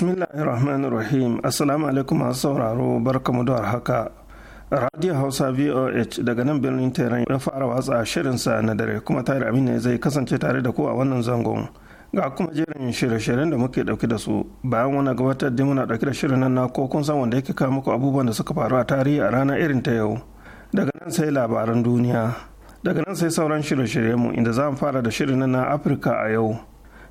rahim. Assalamu alaikum masu sauraro barkamu da haka. Radio Hausa VOH daga nan birnin Tehran ya fara watsa shirinsa na dare kuma tare ne zai kasance tare da ku a wannan zangon. Ga kuma jerin shirye-shiryen da muke dauke da su bayan wani gabatar da muna dauke da shirin nan na ko kun san wanda yake kawo muku abubuwan da suka faru a tarihi a ranar irin ta yau. Daga nan sai labaran duniya. Daga nan sai sauran shirye shiryen mu inda za mu fara da shirin nan na Afirka a yau.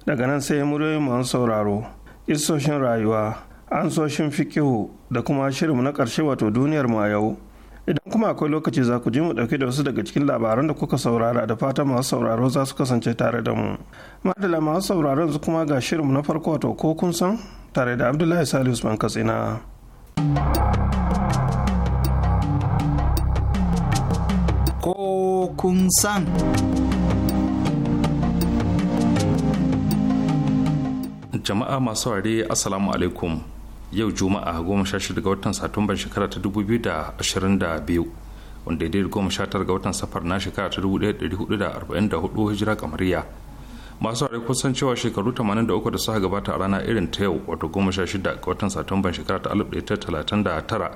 Daga nan sai muryoyin masu sauraro. isoshin rayuwa an soshin fikihu da kuma shirinmu na ƙarshe wato duniyar mu a yau idan kuma akwai lokaci za ku ji mu ɗauke da wasu daga cikin labaran da kuka saurara da fata masu sauraro za su kasance tare da mu madala masu sauraron su kuma ga shirinmu na farko wato ko kun san tare da abdullahi salisu usman katsina ko kun san jama'a masu ware assalamu alaikum yau juma'a goma sha shida ga watan satumban shekara ta dubu biyu da ashirin da biyu wanda ya goma sha tara ga watan safar na shekara ta dubu ɗaya dari hudu da arba'in da hudu hijira kamariya masu ware kusan cewa shekaru tamanin da uku da suka gabata a rana irin ta yau wato goma sha shida ga watan satumban shekara ta alif ɗaya ta talatin da tara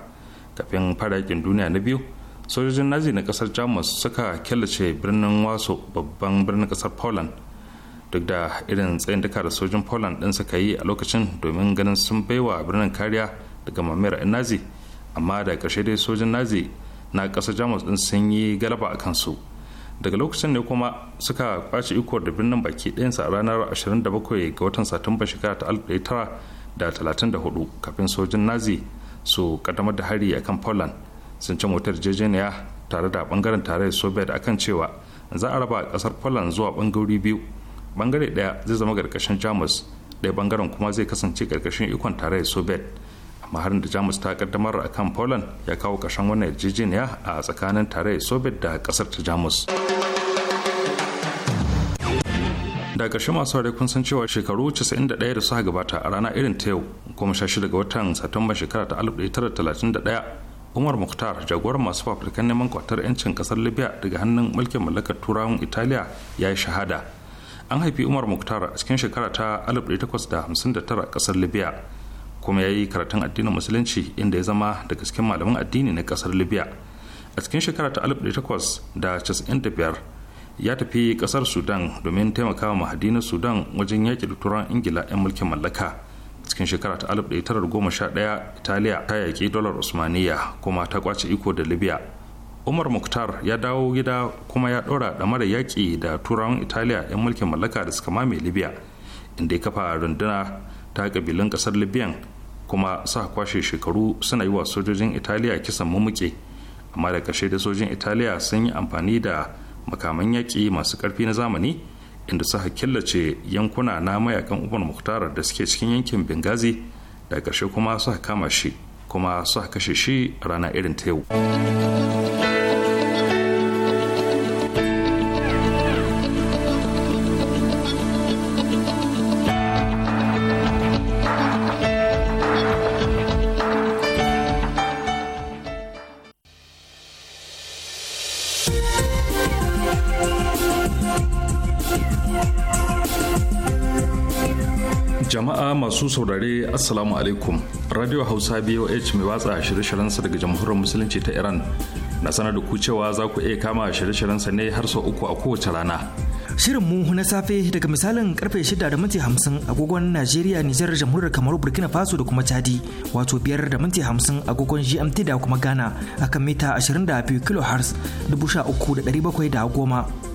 kafin fara yakin duniya na biyu sojojin nazi na kasar jamus suka killace birnin waso babban birnin kasar poland duk da irin tsayin duka da sojin poland din suka yi a lokacin domin ganin sun baiwa birnin kariya daga mamayar 'yan nazi amma da ƙarshe dai sojin nazi na ƙasar jamus din sun yi galaba a kansu daga lokacin ne kuma suka kwace ikon da birnin baki ɗayan sa a ranar 27 ga watan satumba shekara ta 1934 kafin sojin nazi su kaddamar da hari a kan poland sun ci motar jejeniya tare da bangaren tarayyar soviet akan cewa za a raba kasar poland zuwa bangarori biyu bangare daya zai zama karkashin jamus daya bangaren kuma zai kasance karkashin ikon tarayyar soviet amma harin da jamus ta kaddamar a kan poland ya kawo ƙarshen wannan yarjejeniya a tsakanin tarayyar soviet da kasar ta jamus da ƙarshe masu ware kun san cewa shekaru 91 da suka gabata a rana irin ta yau kuma shida ga watan satumba shekara ta 1931 umar mukhtar jagoran masu fafutukan neman kwatar 'yancin kasar libya daga hannun mulkin mallakar turawan italiya ya yi shahada an haifi umar muktar a cikin shekara ta 1859 kasar libya kuma ya yi karatun addinin musulunci inda ya zama daga cikin malaman addini na kasar libya a cikin shekara ta 1895 ya tafi kasar sudan domin taimaka wa mahadinin sudan wajen yaƙi da turan ingila 'yan mulkin mallaka cikin shekara ta 1911 italiya ta yaƙi dolar usmaniya kuma ta kwace iko da libya umar muktar ya dawo gida kuma ya ɗora mara yaƙi da turawan italiya 'yan mulkin mallaka da suka mame libya inda ya kafa runduna ta ƙabilun ƙasar libyan kuma sa kwashe shekaru suna yi wa sojojin italiya kisan mamuke amma da ƙarshe da sojojin italiya sun yi amfani da makaman yaƙi masu ƙarfi na zamani inda suka killace yankuna na mayakan umar muktar da suke cikin yankin bengazi da ƙarshe kuma suka kama shi kuma suka kashe shi rana irin ta yau masu saurare assalamu alaikum radio hausa boh mai watsa shirye sa daga jamhuriyar musulunci ta iran na sanar da ku cewa za ku iya kama shirye sa ne har sau uku a kowace rana shirin mu na safe daga misalin karfe 6 da minti 50 agogon Najeriya, Nijar, Jamhuriyar Kamaru, Burkina Faso da kuma Chadi, wato biyar da minti 50 agogon GMT da kuma Ghana akan mita da 22 da 13710.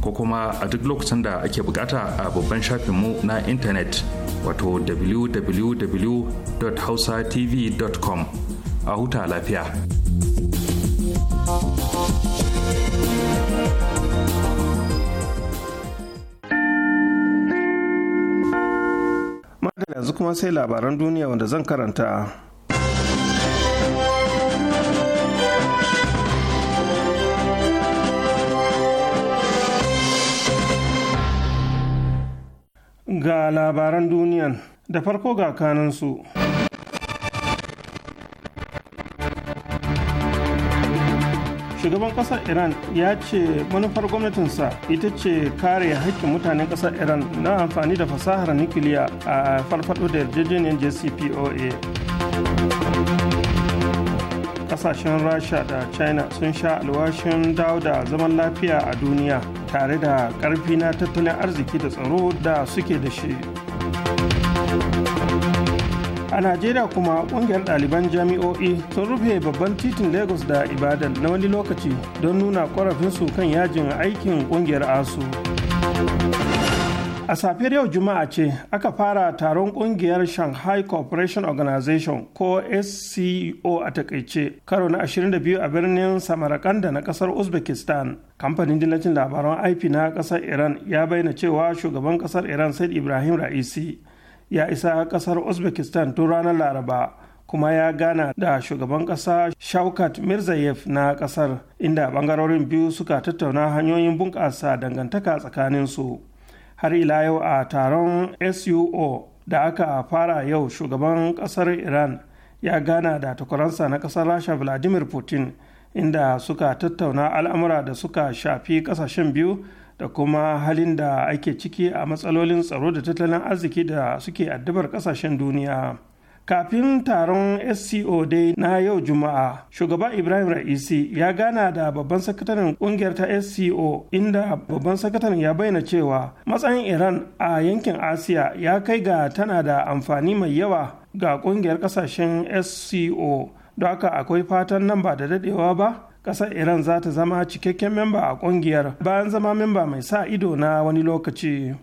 ko kuma a duk lokacin da ake bukata a babban shafinmu na intanet wato www.hausatv.com a huta lafiya. Madalla yanzu kuma sai labaran duniya wanda zan karanta. ga labaran duniyan da farko ga kanansu. shugaban ƙasar iran ya ce manufar gwamnatinsa ita ce kare hakkin mutanen ƙasar iran na amfani da fasahar nukiliya a farfado da yarjejeniyar jcpoa kasashen rasha da china sun sha alwashin dawo da zaman lafiya a duniya tare da ƙarfi na tattalin arziki da tsaro da suke da shi a najeriya kuma kungiyar ɗaliban jami'o'i sun rufe babban titin lagos da ibadan na wani lokaci don nuna ƙorafinsu kan yajin aikin kungiyar asu a safiyar yau juma'a ce aka fara taron kungiyar shanghai cooperation organization ko sco a takaice karo na 22 a birnin samarkanda na kasar uzbekistan kamfanin dillacin labaran ip na kasar iran ya bayyana cewa shugaban kasar iran said ibrahim ra'isi ya isa kasar uzbekistan tun ranar laraba kuma ya gana da shugaban kasa shaukat mirzayev na kasar inda bangarorin biyu suka tattauna hanyoyin bunƙasa dangantaka tsakaninsu har ila yau a taron suo da aka fara yau shugaban kasar iran ya gana da takwaransa na kasar rasha vladimir putin inda suka tattauna al'amura da suka shafi kasashen biyu da kuma halin da ake ciki a matsalolin tsaro da tattalin arziki da suke addabar kasashen duniya. kafin taron sco dai na yau juma'a shugaban ibrahim ra'isi ya gana da babban sakataren kungiyar ta sco inda babban sakataren ya bayyana cewa matsayin iran a yankin asiya ya kai ga tana da amfani mai yawa ga kungiyar kasashen sco don haka akwai fatan nan ba da dadewa ba Ƙasar iran za ta zama cikakken memba a kungiyar bayan zama memba mai sa ido na wani lokaci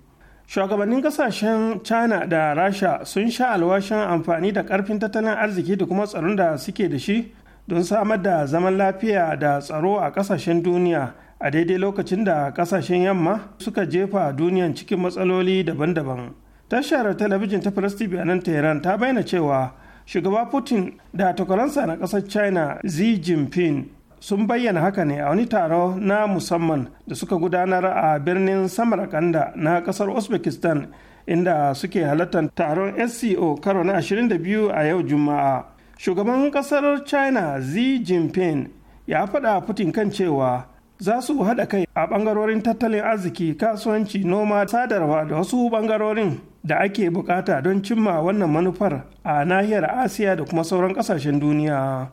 shugabannin kasashen china da rasha sun sha alwashin amfani da karfin tattalin arziki da kuma tsaron da suke da shi don samar da zaman lafiya da tsaro a kasashen duniya a daidai lokacin da kasashen yamma suka jefa duniyan cikin matsaloli daban-daban tashar talabijin ta press tv nan tehran ta bayyana cewa shugaba putin da takwaransa na kasar china xi jinping sun bayyana haka ne a wani taro na musamman da suka gudanar a birnin samarkanda na kasar uzbekistan inda suke halartar taron sco karo na 22 a yau juma'a shugaban kasar china xi jinping ya faɗa putin kan cewa za su haɗa kai a ɓangarorin tattalin arziki kasuwanci noma sadarwa da wasu ɓangarorin da ake bukata don cimma wannan manufar a nahiyar asiya da kuma sauran ƙasashen duniya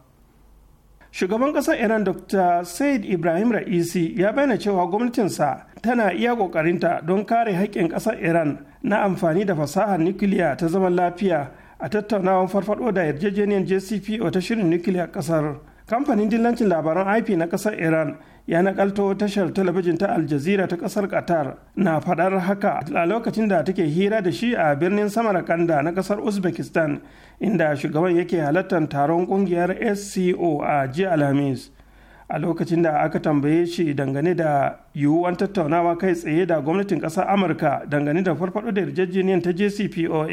shugaban kasar iran dr said ibrahim ra'isi ya bayyana cewa gwamnatinsa tana iya kokarinta don kare haƙƙin kasar iran na amfani da fasahar nukiliya ta zaman lafiya a tattaunawar farfado da yarjejeniyar jcpo ta shirin nukiliya ƙasar kamfanin dillancin labaran ip na kasar iran ya nakalto tashar talabijin ta aljazira ta kasar qatar na fadar haka a lokacin da take hira da shi a birnin samarkanda na kasar uzbekistan inda shugaban yake halartar taron kungiyar sco a jiya alhamis a lokacin da aka tambaye shi dangane da yiwuwan tattaunawa kai tsaye da gwamnatin kasar amurka dangane da farfado da yarjejeniyar ta jcpoa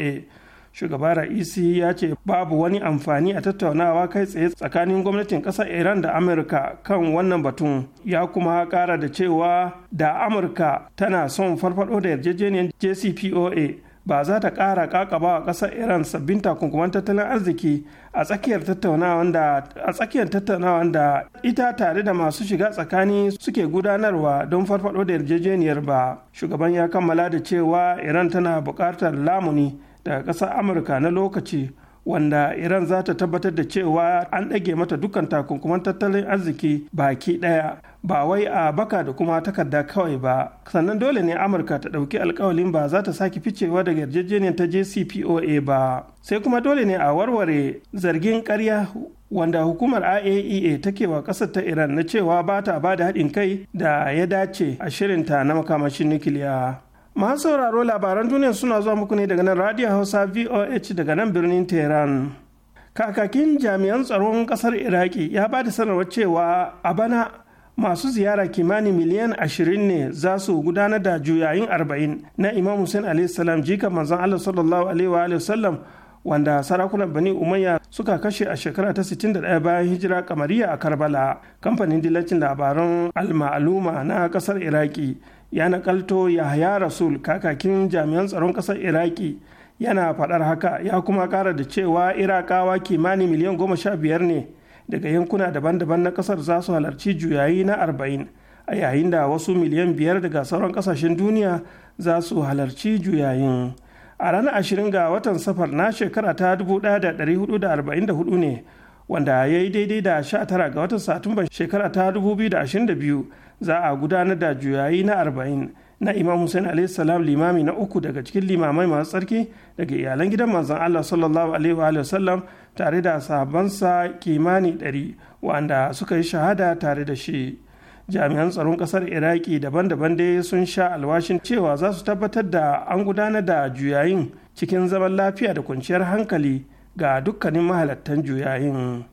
shugaba ra'isi ya ce babu wani amfani a tattaunawa kai tsaye tsakanin gwamnatin ƙasar iran da amurka kan wannan batun ya kuma ƙara da cewa da amurka tana son farfado da yarjejeniyar jcpoa ba za ta ƙara ba a ƙasar iran sabbin takunkuman tattalin arziki a tsakiyar tattaunawa da ita tare da masu shiga tsakani suke gudanarwa don farfado da yarjejeniyar ba shugaban ya kammala da cewa iran tana buƙatar lamuni daga ƙasar amurka na lokaci wanda iran za ta tabbatar da cewa an ɗage mata dukkan takunkuman tattalin arziki baki ɗaya ba wai a baka da kuma takarda kawai ba sannan dole ne amurka ta ɗauki alkawalin ba za ta sake ficewa daga yarjejeniyar ta jcpoa ba sai kuma dole ne a warware zargin karya wanda hukumar iaea e take wa ƙasar ta iran na cewa ba ta ba da haɗin kai da ya dace a shirinta na makamashin nukiliya masu sauraro labaran duniya suna zuwa muku ne daga nan radio hausa voh daga nan birnin tehran kakakin jami'an tsaron kasar iraki ya ba da sanarwar cewa a bana masu ziyara kimanin miliyan 20 ne za su gudanar da juyayin 40 na imam hussein alaihissalam jika manzon allah sallallahu alaihi wa sallam wanda sarakunan bani umayya suka kashe a shekara ta 61 bayan hijira kamariya a karbala kamfanin dillacin labaran al na kasar iraki ya nakalto yahaya rasul kakakin jami'an tsaron ƙasar iraki yana faɗar haka ya kuma ƙara da cewa irakawa kimanin miliyan goma sha biyar ne daga yankuna daban-daban na ƙasar za su halarci juyayi na arba'in a yayin da wasu miliyan biyar daga sauran ƙasashen duniya za su halarci juyayin a ranar ashirin ga watan safar na shekara ta dubu da da da hudu arba'in hudu ne wanda ya yi daidai da sha tara ga watan satumba shekara ta dubu biyu da da ashirin biyu. za a gudanar da juyayi na arba'in na imam hussein a.s. limami na uku daga cikin limamai masu tsarki daga iyalan gidan manzon allah sallallahu alaihi wa sallam tare da sabansa kimani ɗari wanda suka yi shahada tare da shi jami'an tsaron kasar iraki daban-daban dai sun sha alwashin cewa za su tabbatar da an gudanar da juyayin cikin zaman lafiya da kwanciyar hankali ga dukkanin mahalattan juyayin.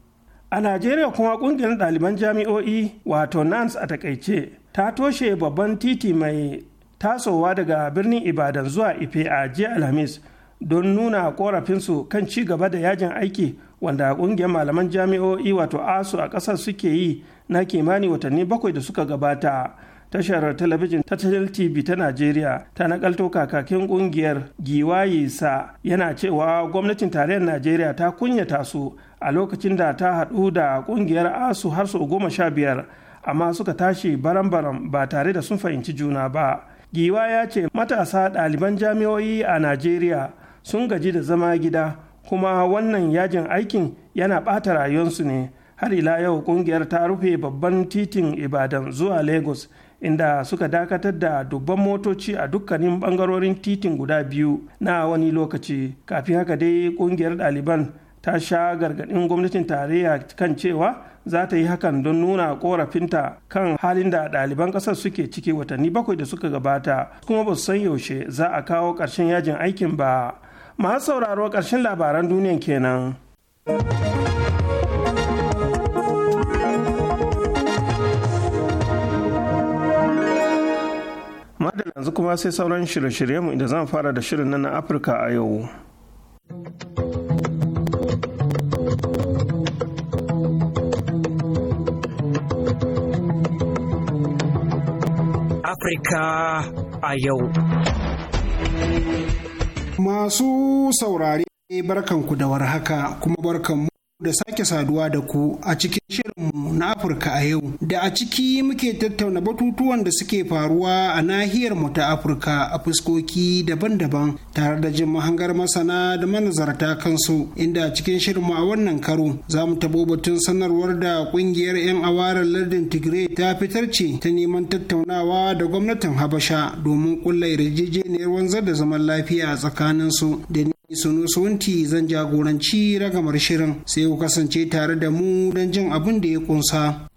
a najeriya kuma kungiyar ɗaliban jami'o'i wato nans a takaice ta toshe babban titi mai tasowa daga birnin ibadan zuwa ife a jiya alhamis don nuna korafinsu kan ci gaba da yajin aiki wanda kungiyar malaman jami'o'i wato asu a ƙasar suke yi na kimani watanni bakwai da suka gabata tashar talabijin ta tv ta najeriya ta nakalto kakakin kungiyar giwayisa yana cewa gwamnatin tarayyar najeriya ta kunyata su a lokacin da ta haɗu da ƙungiyar asu har sau goma sha biyar amma suka tashi baram-baram ba tare da sun fahimci juna ba giwa ya ce matasa ɗaliban jami'o'i a najeriya sun gaji da zama gida kuma wannan yajin aikin yana ɓata rayuwarsu ne har ila yau ƙungiyar ta rufe babban titin ibadan zuwa lagos inda suka dakatar da dubban motoci a dukkanin bangarorin titin guda biyu na wani lokaci kafin haka dai ƙungiyar ɗaliban ta sha gargaɗin gwamnatin tarayya kan cewa za ta yi hakan don nuna korafinta kan halin da ɗaliban ƙasar suke ciki watanni bakwai da suka gabata kuma ba su san yaushe za a kawo ƙarshen yajin aikin ba masu sauraro ƙarshen labaran duniyan kenan. madalla yanzu kuma sai sauran shirye-shiryenmu idan zan fara da shirin na afirka a yau. Afirka a yau. Masu saurare barkanku da warhaka kuma barkanmu da sake saduwa da ku a cikin shirinmu na Afirka a yau da a ciki muke tattauna batutuwan da suke faruwa a nahiyar mu ta Afirka a fuskoki daban-daban tare da jin mahangar masana da manazarta kansu inda a cikin shirinmu a wannan karo za mu tabo batun sanarwar da kungiyar 'yan awarar lardin Tigray ta fitar ce ta neman tattaunawa da gwamnatin Habasha domin kulla yarjejeniyar wanzar da zaman lafiya a tsakaninsu da Sunu wunti zan jagoranci ragamar shirin sai ku kasance tare da mu don jin abin da ya kunsa.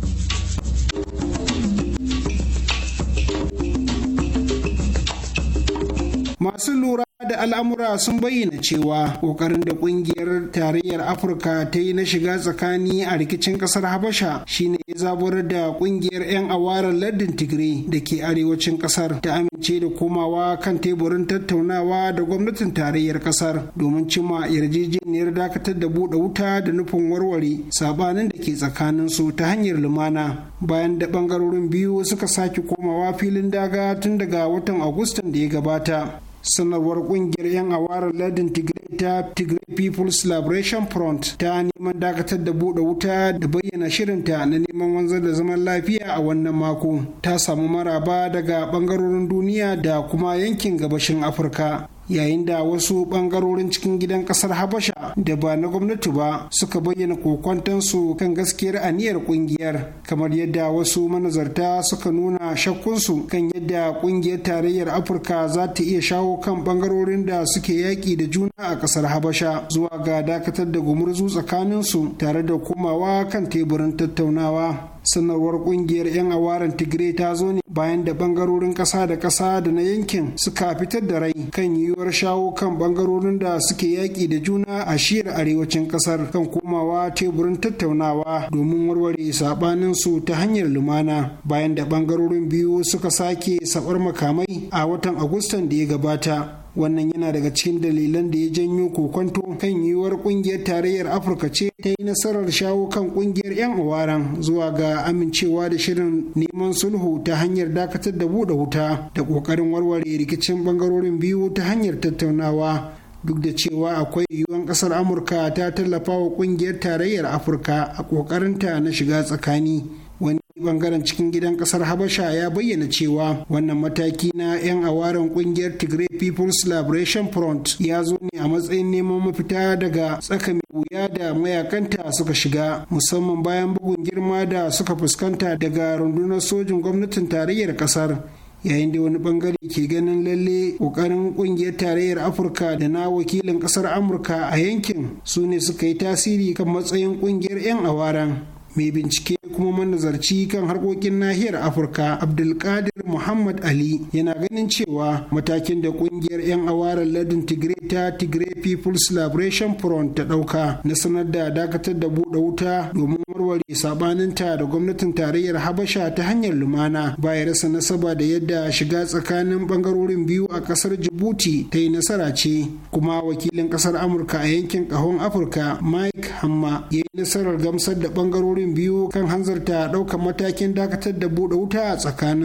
Masu lura da al'amura sun bayyana cewa kokarin da kungiyar tarayyar afirka ta yi na shiga tsakani a rikicin kasar habasha shine ya zaburar da kungiyar 'yan awarar lardin tigray da ke arewacin kasar ta amince da komawa kan teburin tattaunawa da gwamnatin tarayyar kasar domin cimma yarjejeniyar dakatar da buɗe wuta da nufin warware sabanin da ke tsakanin su ta hanyar lumana bayan da bangarorin biyu suka sake komawa filin daga tun daga watan agustan da ya gabata sanarwar kungiyar 'yan awarar ladin tigray ta tigray people's liberation front ta neman dakatar da bude wuta da bayyana shirinta na neman wanzar da zaman lafiya a wannan mako ta samu maraba daga bangarorin duniya da kuma yankin gabashin afirka yayin da wasu bangarorin cikin gidan kasar habasha da ba na gwamnati ba suka bayyana kokwantansu kan gaskiyar aniyar kungiyar kamar yadda wasu manazarta suka nuna shakkunsu kan yadda kungiyar tarayyar afirka za ta iya shawo kan bangarorin da suke yaƙi da juna a kasar habasha zuwa ga dakatar da gumurzu tsakaninsu tare da komawa kan teburin tattaunawa sanarwar kungiyar 'yan awaran tigray ta zo ne bayan da bangarorin ƙasa da ƙasa da na yankin suka fitar da rai kan yiwuwar shawo kan bangarorin da suke yaƙi da juna a shiyar arewacin ƙasar kan komawa teburin tattaunawa domin warware saɓanin su ta hanyar lumana bayan da bangarorin biyu suka sake sabar makamai a watan agustan da ya gabata wannan yana daga cikin dalilan da ya janyo kokonto kan yiwuwar kungiyar tarayyar afirka ce ta yi nasarar shawo kan kungiyar 'yan awaran zuwa ga amincewa da shirin neman sulhu ta hanyar dakatar da buɗe wuta da ƙoƙarin warware rikicin ɓangarorin biyu ta hanyar tattaunawa duk da cewa akwai yiwuwar ƙasar amurka ta tallafa wa ƙungiyar tarayyar afirka a ƙoƙarinta na shiga tsakani wani bangaren cikin gidan kasar habasha ya bayyana cewa wannan mataki na 'yan awaren kungiyar tigray people's liberation front ya zo ne a matsayin neman mafita daga tsaka mai wuya da mayakanta suka shiga musamman bayan bugun girma da suka fuskanta daga rundunar sojin gwamnatin tarayyar kasar yayin da wani bangare ke ganin lalle kokarin kungiyar tarayyar afirka da na wakilin kasar amurka a yankin su ne suka yi tasiri kan matsayin kungiyar 'yan awaran mai bincike kuma manazarci kan harkokin nahiyar afirka abdulkadir muhammad ali yana ganin cewa matakin da kungiyar 'yan awara ladin tigray ta tigray people's liberation front ta dauka na sanar da dakatar da buɗe wuta domin warware sabaninta da gwamnatin tarayyar habasha ta hanyar lumana baya rasa nasaba da yadda shiga tsakanin bangarorin biyu a kasar jibuti ta yi nasara ce kuma wakilin kasar amurka a yankin kahon afirka mike hamma ya yi nasarar gamsar da bangarorin wurin biyu kan hanzarta ɗaukar matakin dakatar da buɗe wuta a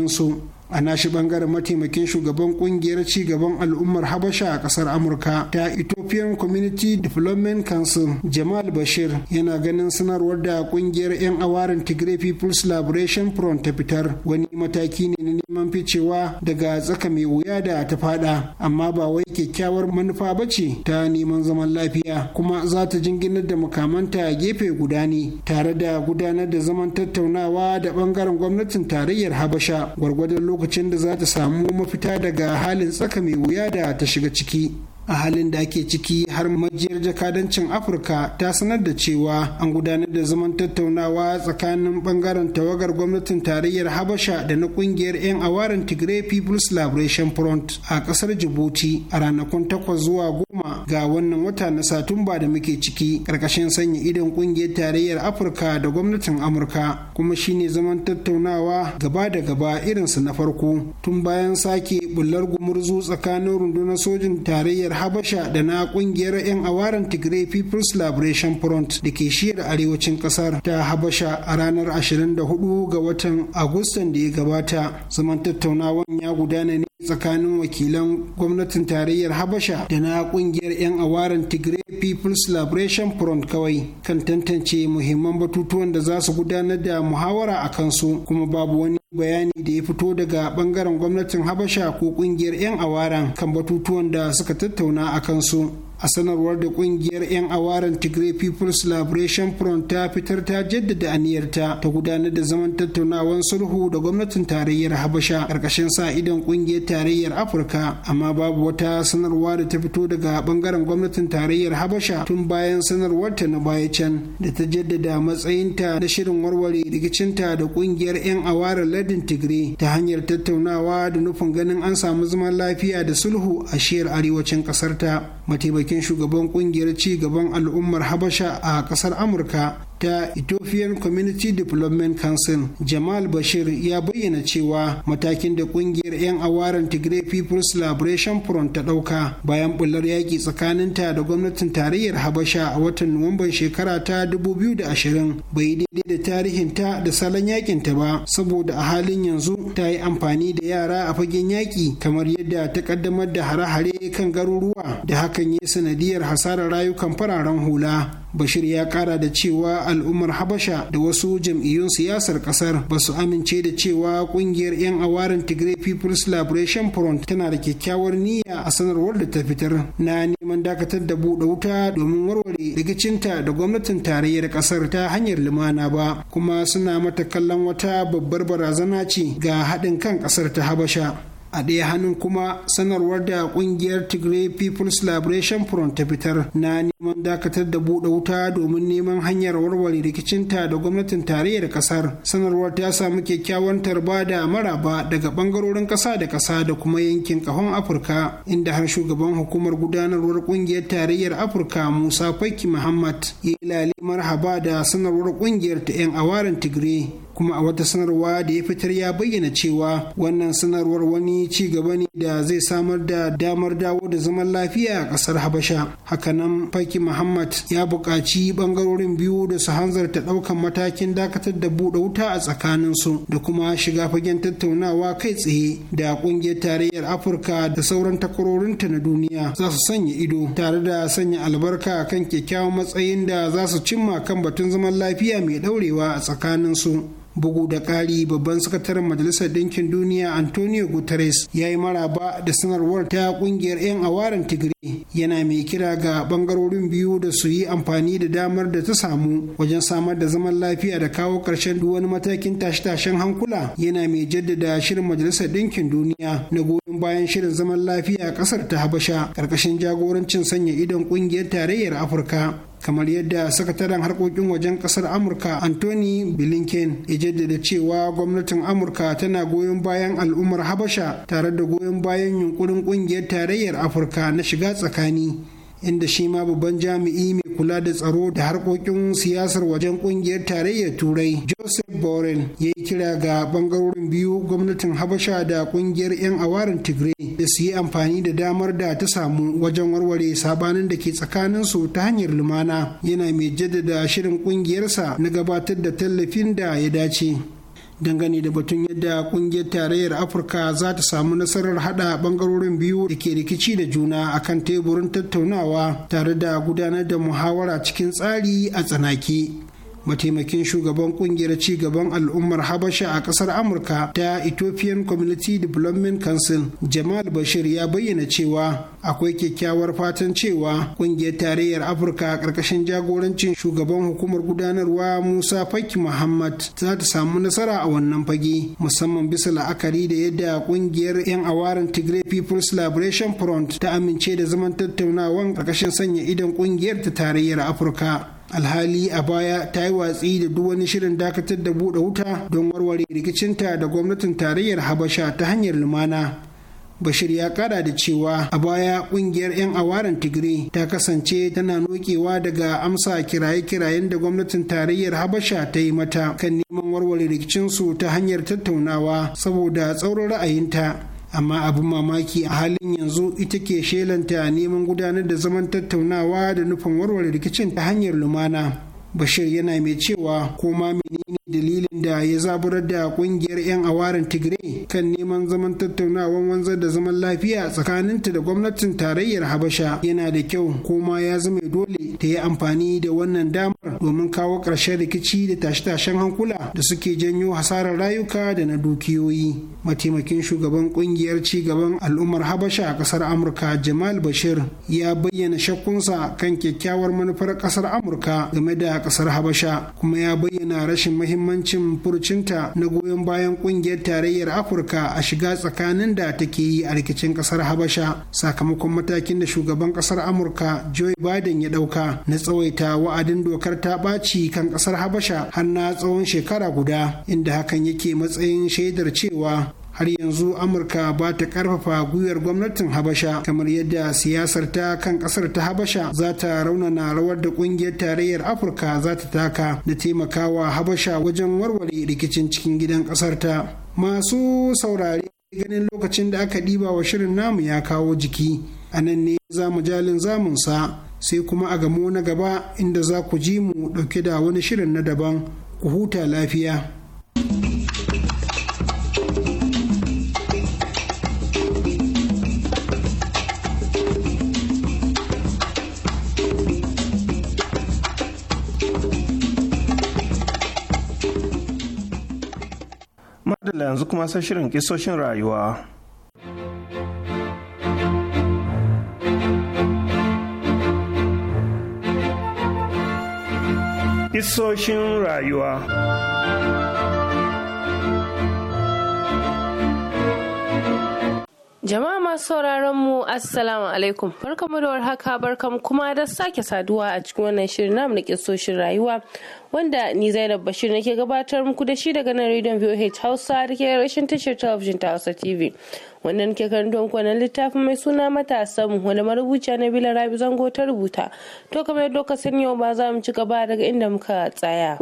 su. a nashi bangaren mataimakin shugaban kungiyar gaban al'ummar habasha a kasar amurka ta ethiopian community development council jamal bashir yana ganin sanarwar da kungiyar 'yan awarin tigray people's liberation front ta fitar wani mataki ne na neman ficewa daga tsaka mai wuya da ta fada amma ba wai kyakkyawar manufa ba ce ta neman zaman lafiya kuma za ta jinginar da makamanta gefe guda ne tare da gudanar da zaman tattaunawa da bangaren gwamnatin tarayyar habasha gwargwadon lokacin da za ta samu mafita daga halin tsaka mai wuya da ta shiga ciki a halin da ake ciki har majiyar jakadancin afirka ta sanar da cewa an gudanar da zaman tattaunawa tsakanin bangaren tawagar gwamnatin tarayyar habasha da na kungiyar 'yan awarin tigray people's liberation front a kasar djibouti a ranakun 8 zuwa 10 ga wannan wata na satumba da muke ciki karkashin sanya idon kungiyar tarayyar afirka da gwamnatin amurka kuma shine zaman tattaunawa gaba da gaba irinsu na farko tun bayan sake bullar gumurzu tsakanin rundunar sojin tarayyar habasha da na kungiyar 'yan awaren tigray people's liberation front da ke shiyar arewacin kasar ta habasha a ranar 24 ga watan agustan da ya gabata zaman tattaunawan ya gudana ne tsakanin wakilan gwamnatin tarayyar habasha da na kungiyar 'yan awaren tigray people's liberation front kawai kan tantance muhimman batutuwan da za su gudanar da muhawara a kansu kuma babu wani bayani da ya fito daga bangaren gwamnatin habasha ko kungiyar 'yan awaran kan batutuwan da suka tattauna a kansu a sanarwar da kungiyar 'yan awaren tigray people's liberation front ta fitar ta jaddada aniyarta ta gudanar da zaman tattaunawan sulhu da gwamnatin tarayyar habasha karkashin sa idon kungiyar tarayyar afirka amma babu wata sanarwa da ta fito daga bangaren gwamnatin tarayyar habasha tun bayan sanarwarta na baya can da ta jaddada matsayinta na shirin warware rikicinta da kungiyar 'yan awaren ladin tigray ta hanyar tattaunawa da nufin ganin an samu zaman lafiya da sulhu a shiyar arewacin kasarta mataimakin mataimakin shugaban kungiyar ci gaban al'ummar habasha a kasar amurka ta Ethiopian Community Development Council Jamal Bashir ya bayyana cewa matakin da kungiyar 'yan awaren Tigray People's Liberation Front ta ɗauka bayan bullar yaƙi tsakaninta da gwamnatin tarayyar Habasha a watan Nuwamban shekara ta 2020 bai daidai da tarihin ta da salon ta ba saboda a halin yanzu ta yi amfani da yara a fagen yaƙi kamar yadda ta ƙaddamar da hare-hare kan garuruwa da hakan ya sanadiyar hasarar rayukan fararen hula bashir ya kara da cewa al'ummar habasha da wasu jam'iyyun siyasar kasar ba su amince da cewa kungiyar 'yan awarin tigray people's liberation front tana da kyakkyawar niyya a sanarwar da ta fitar na neman dakatar da buɗe wuta domin warware rikicinta da gwamnatin tarayyar kasar ta hanyar lumana ba kuma suna mata kallon wata babbar barazana ce ga haɗin kan kasar ta habasha a ɗaya hannun kuma sanarwar da ƙungiyar tigray people's liberation front ta fitar na neman dakatar da buɗe wuta domin neman hanyar warware rikicinta da gwamnatin tarayyar ƙasar sanarwar ta samu kyakkyawan tarba da maraba daga ɓangarorin ƙasa da ƙasa da kuma yankin ƙahon afirka inda har shugaban hukumar gudanarwar ƙungiyar tarayyar afirka musa fakki muhammad ya yi lalimar haba da sanarwar ƙungiyar ta 'yan awarin tigray kuma a wata sanarwa da ya fitar ya bayyana cewa wannan sanarwar wani ci gaba ne da zai samar da damar dawo da zaman lafiya a kasar habasha hakanan faki muhammad ya buƙaci bangarorin biyu da su hanzarta ɗaukan matakin dakatar da buɗe wuta a tsakanin su da kuma shiga fagen tattaunawa kai tsaye da ƙungiyar tarayyar afirka da sauran takwarorinta na duniya za su sanya ido tare da sanya albarka kan kyakkyawan matsayin da za su cimma kan batun zaman lafiya mai ɗaurewa a tsakanin su. bugu da ƙari babban sakataren majalisar ɗinkin duniya antonio guterres ya yi maraba da sanarwar ta ƙungiyar 'yan awaren tigray yana mai kira ga bangarorin biyu da su yi amfani da damar da ta samu wajen samar da zaman lafiya da kawo ƙarshen duk wani matakin tashe-tashen hankula yana mai jaddada shirin majalisar ɗinkin duniya na goyon bayan shirin zaman lafiya ƙasar ta habasha ƙarƙashin jagorancin sanya idon ƙungiyar tarayyar afirka kamar yadda sakataren harkokin wajen kasar amurka anthony blinken ya jaddada cewa gwamnatin amurka tana goyon bayan al'ummar habasha tare da goyon bayan yunkurin kungiyar tarayyar afirka na shiga tsakani inda shi ma babban jami'i mai kula da tsaro da harkokin siyasar wajen kungiyar tarayyar turai joseph Boren, ya yi kira ga bangarorin biyu gwamnatin habasha da kungiyar 'yan awarin tigray da su yi amfani da damar da ta samu wajen warware sabanin da ke tsakanin su ta hanyar lumana yana mai jaddada shirin kungiyarsa na gabatar da tallafin da ya dace dangane da batun yadda kungiyar tarayyar afirka za ta samu nasarar hada bangarorin biyu da ke rikici da juna a kan teburin tattaunawa tare da gudanar da muhawara cikin tsari a tsanaki mataimakin shugaban kungiyar ci gaban al'ummar habasha a kasar amurka ta ethiopian community development council jamal bashir ya bayyana cewa akwai kyakkyawar fatan cewa kungiyar tarayyar afirka a ƙarƙashin jagorancin shugaban hukumar gudanarwa musa faki muhammad za ta samu nasara a wannan fage musamman bisa la'akari da yadda kungiyar 'yan awarin tigray people's liberation front ta amince da zaman tattaunawan ƙarƙashin sanya idon kungiyar ta tarayyar afirka alhali a baya ta yi watsi da duk wani shirin dakatar da buɗe wuta don warware rikicinta da gwamnatin tarayyar habasha ta hanyar lumana bashir ya kara da cewa a baya kungiyar 'yan awaren tigre ta kasance tana nokewa daga amsa kiraye-kirayen da gwamnatin tarayyar habasha ta yi mata kan neman warware rikicinsu ta hanyar tattaunawa saboda tsaurin ra'ayinta amma abin mamaki a halin yanzu ita ke shelanta neman gudanar da zaman tattaunawa da nufin warware rikicin ta hanyar lumana bashir yana mai cewa ko ma menene dalilin da ya zaburar da kungiyar 'yan awarin tigray kan neman zaman tattaunawa wanzar da zaman lafiya tsakaninta da gwamnatin tarayyar habasha yana da kyau ko ma ya zama dole ta yi amfani da wannan dama domin kawo ƙarshen rikici da tashe-tashen hankula da suke janyo hasarar rayuka da na dukiyoyi mataimakin shugaban kungiyar ci gaban al'ummar habasha a ƙasar amurka jamal bashir ya bayyana shakkunsa kan kyakkyawar manufar ƙasar amurka game da ƙasar habasha kuma ya bayyana rashin mahimmancin furcinta na goyon bayan kungiyar tarayyar afirka a shiga tsakanin da take yi a rikicin ƙasar habasha sakamakon matakin da shugaban ƙasar amurka joe biden ya ɗauka na tsawaita wa'adin dokar ta ɓaci kan ƙasar habasha har na tsawon shekara guda inda hakan yake matsayin shaidar cewa har yanzu amurka ba ta karfafa gwiwar gwamnatin habasha kamar yadda siyasar ta kan kasar ta habasha za ta raunana rawar da ƙungiyar tarayyar afirka za ta taka da taimakawa habasha wajen warware rikicin cikin gidan kasar ta masu saurare ganin lokacin da aka ɗiba wa shirin namu ya kawo jiki a nan ne za mu jalin zamunsa sai kuma a gamo na gaba inda za ku ji mu ɗauke da wani shirin na daban ku huta lafiya. Madalla yanzu kuma sai shirin kisoshin rayuwa. Isoshin rayuwa Jama'a masu sauraron mu Assalamu alaikum barkamu da warhaka barkamu kuma da sake saduwa a cikin wannan shirin namu na kisoshin rayuwa wanda ni Zainab Bashir nake gabatar muku da shi daga nan rediyon VOH Hausa da ke rashin tashar talabijin ta Hausa TV. wannan ke karanto muku littafin mai suna matasan wanda marubuci na bila rabi zango ta rubuta to kamar yadda ka sani yau ba za mu ci gaba daga inda muka tsaya.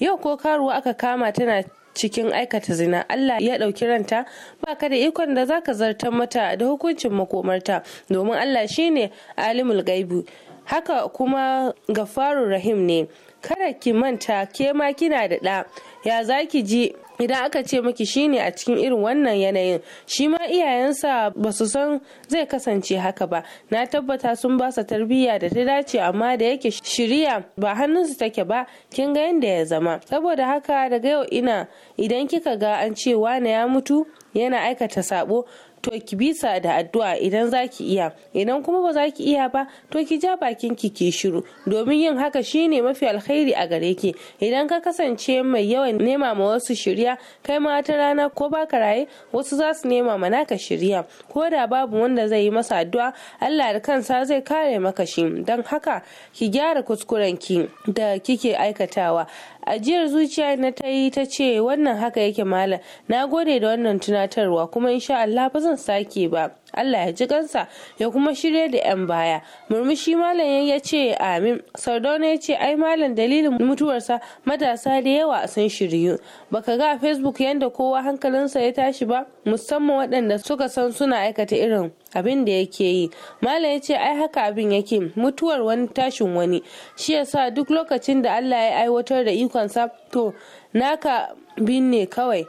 yau ko karuwa aka kama tana cikin aikata zina Allah ya ɗauki ranta ba ka da ikon da zaka zartar mata da hukuncin makomarta domin Allah shine alimul gaibu haka kuma gafarun rahim ne kada ki manta ke ma kina da ɗa ya zaki ji idan aka ce miki shine a cikin irin wannan yanayin shi ma iyayensa ba su san zai kasance haka ba na tabbata sun ba basa tarbiyya da ta dace amma da yake shirya ba hannunsu take ba kin ga yadda ya zama saboda haka daga yau ina idan kika ga an cewa na ya mutu yana aikata sabo to ki bisa da addu'a idan za ki iya idan kuma ba za ki iya ba to ki ja bakin ki ki shiru domin yin haka shine mafi alkhairi a gare ki idan ka kasance mai yawan nema ma wasu shirya kai ma ta rana ko baka raye wasu za su nema ma naka shirya ko da babu wanda zai yi masa addu'a Allah da kansa zai kare maka shi don haka ki gyara kuskuren ki da kike aikatawa ajiyar zuciya na ta yi ta ce wannan haka yake malam na gode da wannan tunatarwa kuma insha Allah ba zan sake ba Allah ya ji kansa ya kuma shirya da 'yan baya murmushi malam ya ce amin sardauna ya ce ai malam dalilin mutuwarsa matasa da yawa sun shiryu baka ga a facebook yadda kowa hankalinsa ya tashi ba musamman waɗanda suka san suna aikata irin abin da yake yi malam ya ce ai haka abin yake mutuwar wani tashin wani shi yasa duk lokacin da allah ya aiwatar da ikonsa to naka binne kawai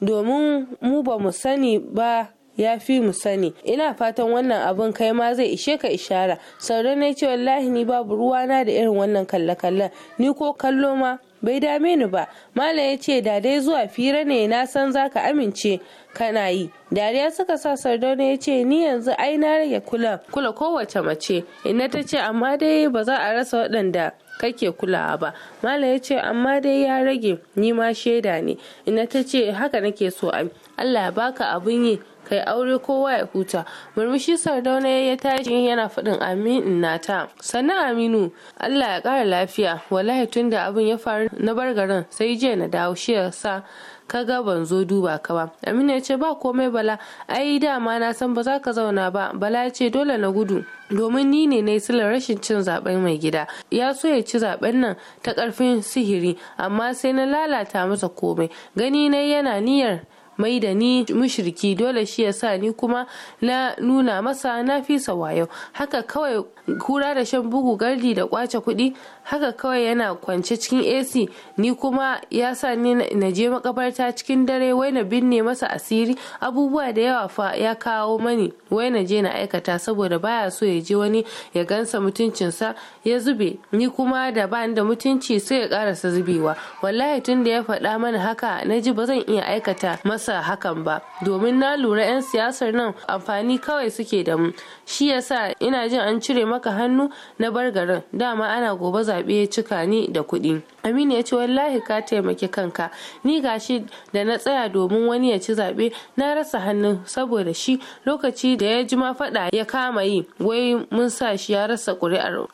domin mu ba mu sani ba ya fi mu sani ina fatan wannan abin kai ma zai ishe ka ishara sauro na ce wallahi ni babu ruwa na da irin wannan kalle-kallen ni ko kallo ma bai dame ni ba mala ya ce da dai zuwa fira ne na san za ka amince kana yi dariya suka sa sardauna ya ce ni yanzu ai na rage kula kula kowace mace ina ta ce amma dai ba za a rasa waɗanda kake kulawa ba mala ya ce amma dai ya rage ni ma shaida ne inna ta ce haka nake so ai allah ya baka abun yi kai aure kowa ya huta murmushi sardauna ya tashi yana faɗin amin nata sannan aminu allah ya ƙara lafiya wallahi tun da abin ya faru na bar garin sai jiya na dawo shi ya sa ka ga ban zo duba ka ba aminu ya ce ba komai bala ai dama na san ba za ka zauna ba bala ya ce dole na gudu domin ni ne na yi silar rashin cin zaben mai gida ya so ya ci zaben nan ta ƙarfin sihiri amma sai na lalata masa komai gani na yana niyyar mai da ni mushriki dole shi ya sa ni kuma na nuna masa na fisa wayo haka kawai kura da shan bugu gardi da kwace kuɗi haka kawai yana kwance cikin ac ni kuma ya sa ni na je makabarta cikin dare wai na binne masa asiri abubuwa da yawa fa ya kawo mani wai na je na aikata saboda baya so ya je wani ya gansa mutuncinsa ya zube ni kuma da bani da mutunci sai ya karasa zubewa wallahi tun da ya faɗa mana haka na ji ba zan iya aikata masa hakan ba domin na lura 'yan siyasar nan amfani kawai suke da mu shi yasa ina jin an cire maka hannu na bar garin dama ana gobe za zabe ya cika ni da kuɗi aminu ya ce wallahi ka taimaki kanka ni gashi da na tsaya domin wani ya ci zaɓe na rasa hannu saboda shi lokaci da ya ji ma faɗa ya kama yi wai mun sa shi ya rasa ƙuri'ar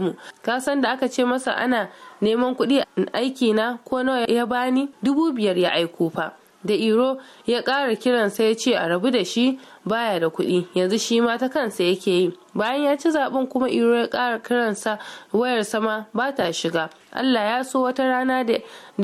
mu ka san da aka ce masa ana neman kuɗi aiki na ko nawa ya bani dubu biyar ya aiko fa da iro ya ƙara kiransa ya ce a rabu da shi baya da kuɗi yanzu shi ma ta kansa yake yi bayan ya ci zaben kuma iro ya ƙara kiransa wayar sama ba ta shiga allah ya so wata rana da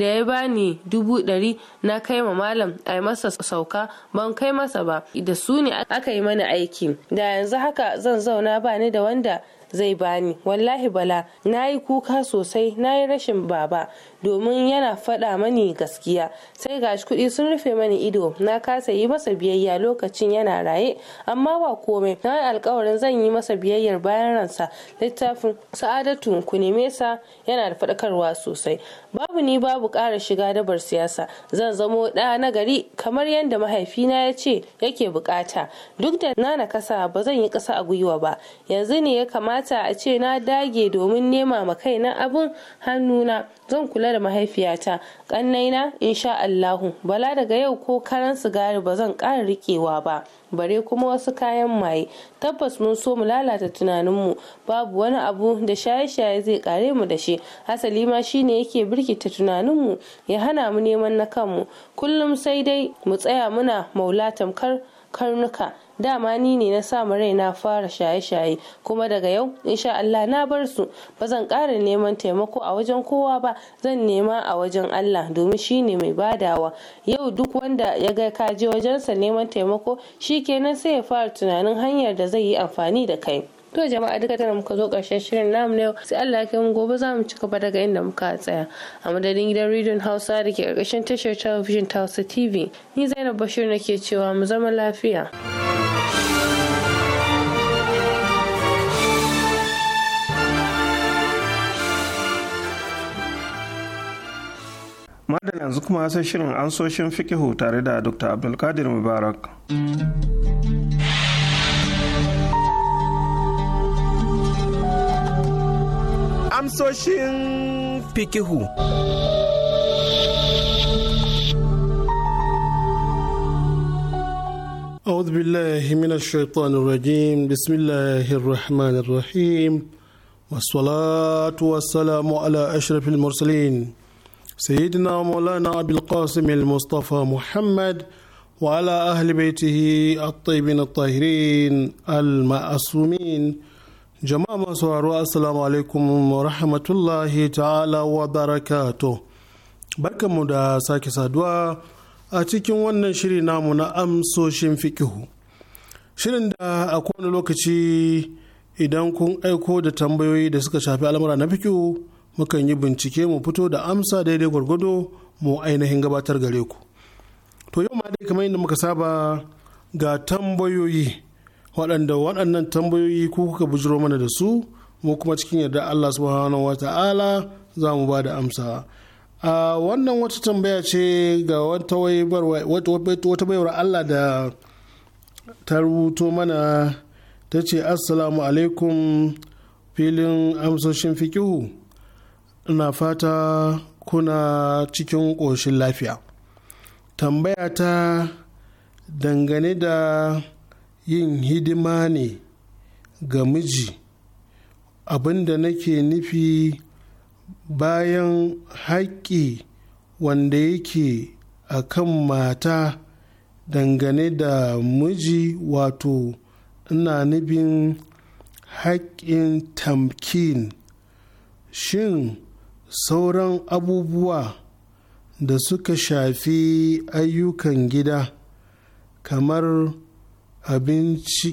ya bani dubu ɗari na kai ma malam a masa sauka ban kai masa ba da su ne aka yi mana aiki da yanzu haka zan zauna ba ni da wanda zai bani wallahi bala na yi kuka sosai na yi rashin baba domin yana faɗa mani gaskiya sai gashi kuɗi sun rufe mani ido na kasa yi masa biyayya lokacin yana raye amma ba komai na yi alkawarin zan yi masa biyayyar bayan ransa littafin sa'adatu ku neme sa yana da faɗakarwa sosai babu ni babu ƙara shiga dabar siyasa zan zamo ɗa na gari kamar yadda mahaifina ya ce yake bukata duk da na na kasa ba zan yi ƙasa a gwiwa ba yanzu ne ya kamata a ce na dage domin nema ma kai kaina abun hannuna zan kula da mahaifiyata kannaina insha Allahu bala daga yau ko karan sigari ba zan ƙara rikewa ba bare kuma wasu kayan maye tabbas mun so mu lalata tunaninmu babu wani abu da shaye-shaye zai ƙare mu da shi Asali ma shine yake birkita tunaninmu ya hana mu neman na kanmu kullum sai dai mu tsaya muna maulatamkar karnuka dama ni ne na samu rai na fara shaye-shaye kuma daga yau insha Allah na bar su ba zan ƙara neman taimako a wajen kowa ba zan nema a wajen Allah domin shi ne mai badawa yau duk wanda ya ga kaje je wajensa neman taimako shi kenan sai ya fara tunanin hanyar da zai yi amfani da kai to jama'a duka tana muka zo ƙarshen shirin namu na yau sai Allah ya kai mu gobe za mu ci gaba daga inda muka tsaya a madadin gidan rediyon Hausa da ke ƙarƙashin tashar talabijin ta Hausa TV ni Zainab Bashir nake cewa mu zama lafiya. madan yanzu kuma sai shirin ansoshin fikihu tare da dr abdulkadir mubarak amsoshin fikihu أعوذ بالله من الشيطان الرجيم بسم الله الرحمن الرحيم والصلاة والسلام على أشرف المرسلين سيدنا مولانا أبي القاسم المصطفى محمد وعلى أهل بيته الطيبين الطاهرين المأسومين جماعة سواروا السلام عليكم ورحمة الله تعالى وبركاته بركة مدى ساكي سادوا أتيكم وانا شري نامنا أمسو شنفكه شرين دا أكون kowane idan kun aiko da tambayoyi da suka shafi al'amura na fikihu mukan yi bincike mu fito da amsa daidai gwargwado mu ainihin gabatar gare ku to yau ma dai kamar yadda muka saba ga tambayoyi waɗanda waɗannan tambayoyi ku kuka bujiro mana da su mu kuma cikin yarda Allah subhanahu wa ta'ala za mu ba da amsa a wannan wata tambaya ce ga wata baiwar Allah da ta rubuto mana ta ce assalamu alaikum filin amsoshin fikihu ina fata kuna cikin ƙoshin lafiya tambaya ta dangane da yin hidima ne ga miji abinda nake nufi bayan haƙƙi wanda yake a kan mata dangane da miji wato ina nufin haƙƙin tamkin shin sauran abubuwa da suka shafi ayyukan gida kamar abinci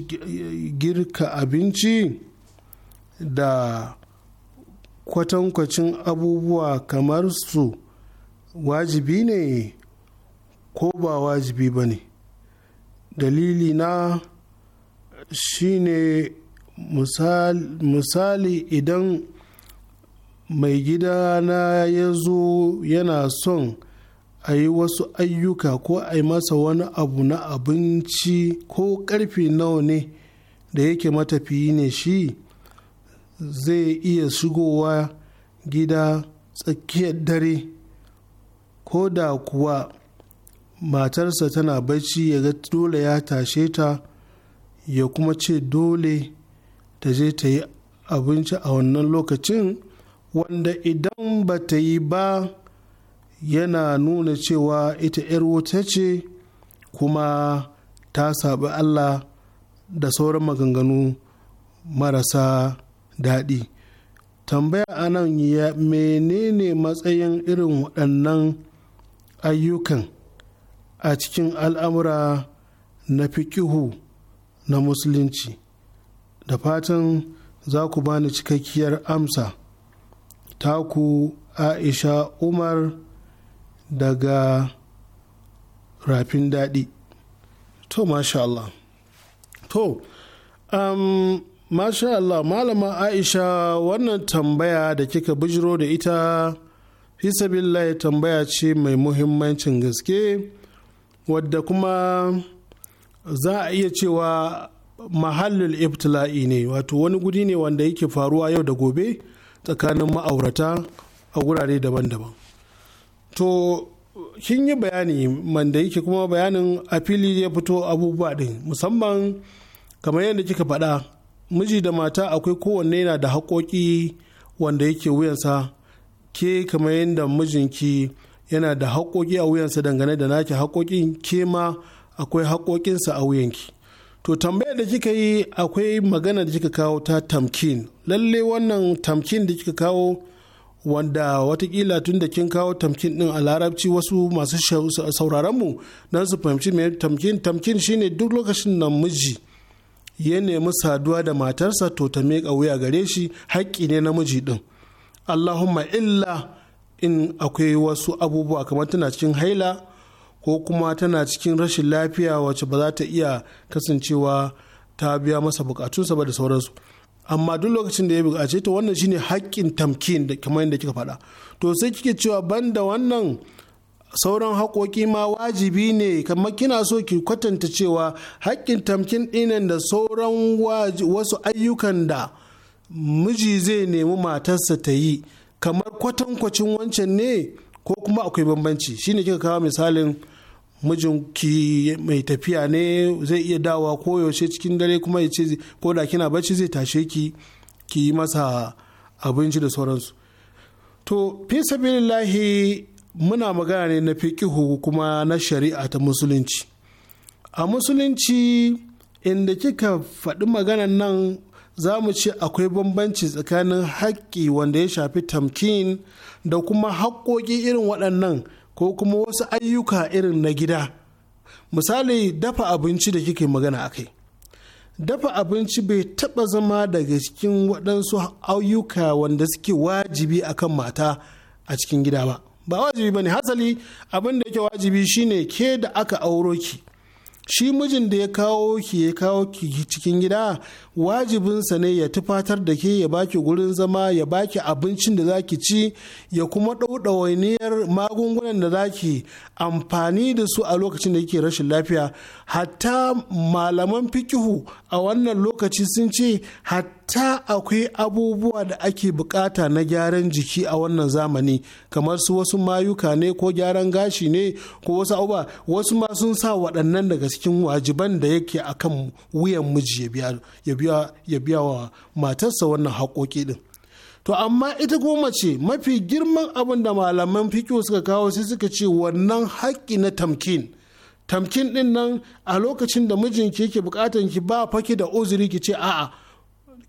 girka abinci da kwatankwacin abubuwa kamar su wajibi ne ko ba wajibi ba ne dalili na shine misali idan mai gida na ya zo yana son a yi wasu ayyuka ko a yi masa wani abu na abinci ko ƙarfe nawa ne da yake matafiyi ne shi zai iya shigowa gida tsakiyar dare ko da kuwa matarsa tana bacci ya ga dole ya tashe ta ya kuma ce dole ta je ta yi abinci a wannan lokacin wanda idan ba ta yi ba yana nuna cewa ita 'yar wuta ce kuma ta saɓi Allah da sauran maganganu marasa daɗi. Tambaya a nan ya menene matsayin irin waɗannan ayyukan a cikin al'amura na fikihu na musulunci. Da fatan za ku bani cikakkiyar amsa. taku aisha umar daga rafin daɗi to masha Allah to um, masha Allah malama aisha wannan tambaya da kika bijiro da ita hisabillah tambaya ce mai muhimmancin gaske wadda kuma za a iya cewa mahallul ibtila'i ne wato wani guri ne wanda yake faruwa yau da gobe tsakanin ma'aurata a wurare daban-daban to kin yi bayani man da yake kuma bayanin a fili ya fito abubuwa din musamman kamar yadda kika faɗa miji da mata akwai kowanne yana da haƙoƙi wanda yake wuyansa ke kamar yadda mijinki yana da haƙoƙi a wuyansa dangane da nake haƙoƙin ke ma akwai haƙoƙinsa a wuyanki To tambayar da kika yi akwai magana da kika kawo ta tamkin. Lalle wannan tamkin da kika kawo wanda watakila tun da kin kawo tamkin din a larabci wasu masu sauraronmu Na su fahimci mai tamkin tamkin shine duk lokacin da miji ya nemi saduwa da matarsa to ta miƙa wuya gare shi haƙƙi ne namiji din Allahumma illa in akwai wasu abubuwa kamar tana cikin haila ko kuma tana cikin rashin lafiya wacce ba za ta iya kasancewa ta biya masa bukatunsa ba da sauransu amma duk lokacin da ya bukace ta wannan shine haƙƙin tamkin da kamar yadda kika faɗa to sai kike cewa banda wannan sauran haƙoƙi ma wajibi ne kamar kina so ki kwatanta cewa haƙƙin tamkin ɗinan da sauran wasu ayyukan da miji zai nemi matarsa ta yi kamar kwatankwacin wancan ne ko kuma akwai bambanci shine kika kawo misalin mijinki mai tafiya ne zai iya dawa koyaushe cikin dare kuma ya ce ko da kina bacci zai tashe ki ki yi masa abinci da sauransu to fi sabilillahi muna magana ne na fiqihu kuma na shari'a ta musulunci a musulunci inda kika faɗi maganan nan za mu ce akwai bambanci tsakanin haƙƙi wanda ya shafi tamkin da kuma haƙƙoƙi irin waɗannan ko kuma wasu ayyuka irin na gida misali dafa abinci da kike magana a kai dafa abinci bai taba zama daga cikin waɗansu ayyuka wanda suke wajibi akan mata a cikin gida ba ba wajibi bane hasali abin da yake wajibi shine ke da aka auro ki shi mijin da ya kawo ki ya kawo ki cikin gida wajibinsa ne ya tufatar da ke ya baki gurin zama ya baki abincin da zaki ci ya kuma ɗau ɗauɗawainiyar magungunan da zaki amfani da su a lokacin da yake rashin lafiya hatta malaman fikihu a wannan lokaci sun ce hatta akwai abubuwa da ake bukata na gyaran jiki a wannan zamani kamar su wasu mayuka ne ko gyaran gashi ne ko wasu abubuwa wasu ma sun sa waɗannan daga cikin wajiban da yake akan wuyan miji ya biya wa matarsa wannan haƙoƙi din to amma ita kuma mace mafi girman abin da malaman fikihu suka kawo sai suka ce wannan haƙƙi na tamkin tamkin din nan a lokacin da mijinki yake bukatan ki ba faki da uzuri ki ce a'a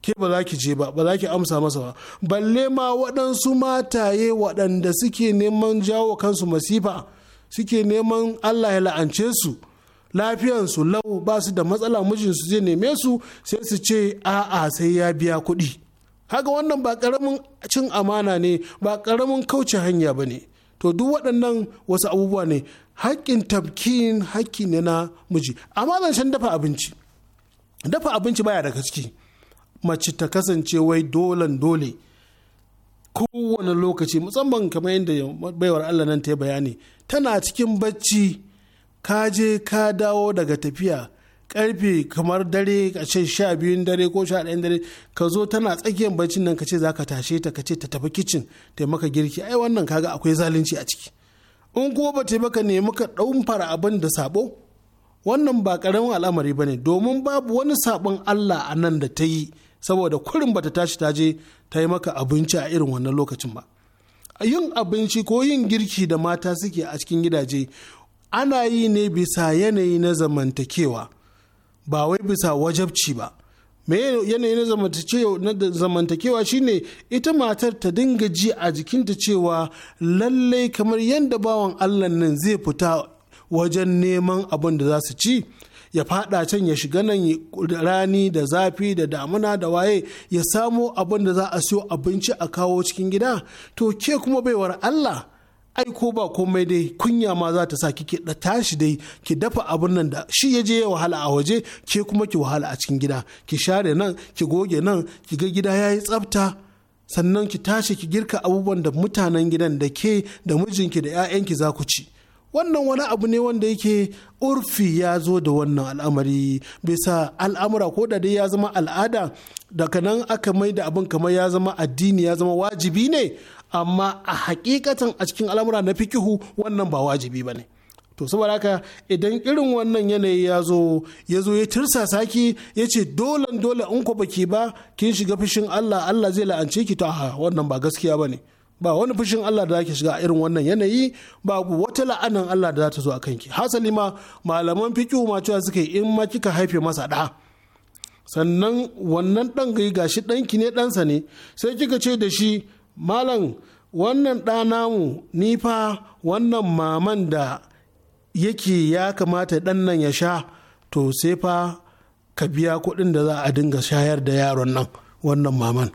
ke ba za ki je ba ba za ki amsa masa ba balle ma waɗansu mataye waɗanda suke neman jawo kansu masifa suke neman allah ya la'ance su lafiyansu lau ba su da matsala mijinsu zai neme su sai su ce a'a sai ya biya kuɗi haka wannan ba ƙaramin cin amana ne ba ƙaramin kauce hanya ba ne to duk waɗannan wasu abubuwa ne haƙƙin tabkin haƙƙi ne na miji amma zancen dafa abinci dafa abinci baya daga ciki mace ta kasance wai dolan dole kowane lokaci musamman kamar yadda baiwar allah nan ta yi bayani tana cikin bacci ka je ka dawo daga tafiya karfe kamar dare a ce sha biyun dare ko sha ɗayan dare ka zo tana tsakiyar baccin nan ka ce za ka tashe ta ka ce ta tafi kicin ta maka girki ai wannan kaga akwai zalunci a ciki in kuma ba maka baka nemi ka fara abin da sabo wannan ba ƙaramin al'amari ba ne domin babu wani sabon Allah a nan da ta yi saboda kurin ba ta tashi ta je ta yi maka abinci a irin wannan lokacin ba yin abinci ko yin girki da mata suke a cikin gidaje ana yi ne bisa yanayi na zamantakewa ba wai bisa wajabci ba me yanayi na zamantakewa shine ita matar ta dinga ji a jikinta cewa lallai kamar yadda bawan allah nan zai fita wajen neman abin da za su ci ya fada can ya shiga nan rani da zafi da damuna da waye ya samo abin da za a siyo abinci a kawo cikin gida to ke kuma baiwar allah ai ko ba komai dai kunya ma za ta sa ki da tashi dai ki dafa abun nan da shi ya je ya wahala a waje ke kuma ki wahala a cikin gida ki share nan ki goge nan ki ga gida yayi tsafta sannan ki tashi ki girka abubuwan da mutanen gidan da ke da mijinki da 'ya'yanki za ku ci wannan wani abu ne wanda yake urfi ya zo da wannan al'amari bisa al'amura ko da dai ya zama al'ada daga nan aka mai da abin kamar ya zama addini ya zama wajibi ne amma a hakikatan a cikin al'amura na fikihu wannan ba wajibi ba ne to saboda haka idan irin wannan yanayi ya zo ya zo ya tirsa saki ya ce dole dole in ku baki ba kin shiga fushin Allah Allah zai la'ance ki to a wannan ba gaskiya bane ba wani fushin Allah da zaki shiga irin wannan yanayi babu wata la'anan Allah da za ta zo a kanki hasali ma malaman fikihu ma cewa suka yi in ma kika haife masa da sannan wannan dan gai gashi danki ne dansa ne sai kika ce da shi malam wannan ɗanamu namu ni fa wannan maman da yake ya kamata ɗan nan ya sha to sai fa ka biya kuɗin da za a dinga shayar da yaron nan wannan maman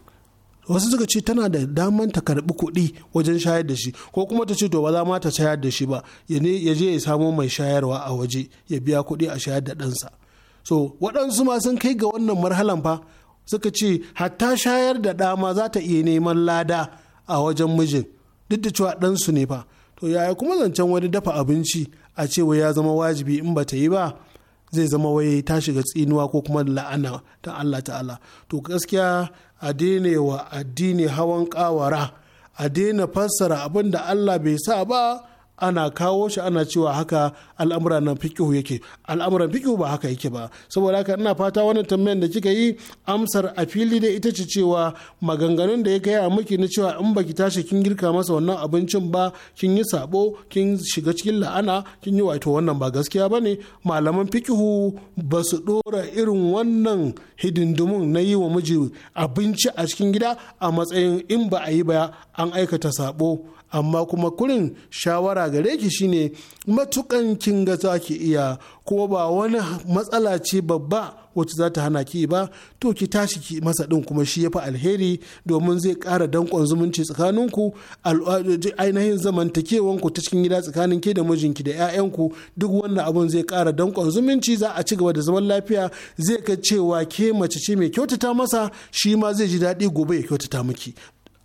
wasu suka ce tana da daman ta karbi kuɗi wajen shayar da shi ko kuma ta ce to ba za ma ta shayar da shi ba ya je ya samo mai shayarwa a waje ya biya kuɗi a shayar da ɗansa so waɗansu ma sun kai ga wannan marhalan fa suka ce hatta shayar da dama ma za ta iya neman lada a wajen mijin duk da cewa ɗansu ne fa to yaya kuma zancen wani dafa abinci a cewa ya zama wajibi in ba ta yi ba zai zama wai ta shiga tsinuwa ko kuma la'ana ta Allah ta'ala to gaskiya a daina wa addini hawan kawara a daina fassara abin da Allah bai sa ba ana kawo shi ana cewa haka al'amura nan fikihu yake al'amuran fikihu ba haka yake ba saboda haka ina fata wannan tambayar da kika yi amsar a fili da ita ce cewa maganganun da ya kai a miki na cewa in baki tashi kin girka masa wannan abincin ba kin yi sabo kin shiga cikin la'ana kin yi wato wannan ba gaskiya ba ne malaman fikihu ba su dora irin wannan hidindimun na yi wa miji abinci a cikin gida a matsayin in ba a yi ba an aikata sabo amma kuma kurin shawara gare ki shine matukan kin ga za ki iya ko ba wani matsala ce babba wacce za ta hana ki ba to ki tashi ki masa din kuma shi ya fi alheri domin zai ƙara danƙon zumunci tsakaninku ainihin zamantakewanku ta cikin gida tsakanin ke da mijinki da 'ya'yanku duk wannan abun zai kara dankon zumunci za a ci gaba da zaman lafiya zai ka cewa ke mace ce mai kyautata masa shi ma zai ji daɗi gobe ya kyautata miki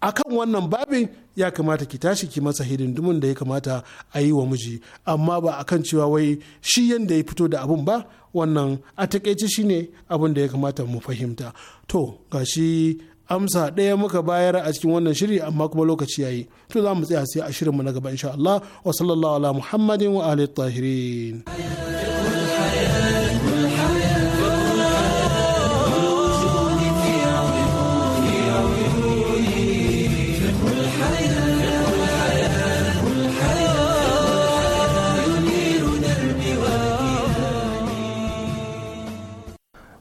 akan wannan babin ya kamata ki tashi ki masa hidindimin da ya kamata a yi wa miji amma ba akan cewa wai shi yanda ya fito da abun ba wannan a takaice shine abin da ya kamata mu fahimta to ga shi amsa ɗaya muka bayar a cikin wannan shiri amma kuma lokaci yayi to za mu tsaya sai a shirinmu na gaba insha Allah wa sallallahu ala muhammadin wa alihi tahirin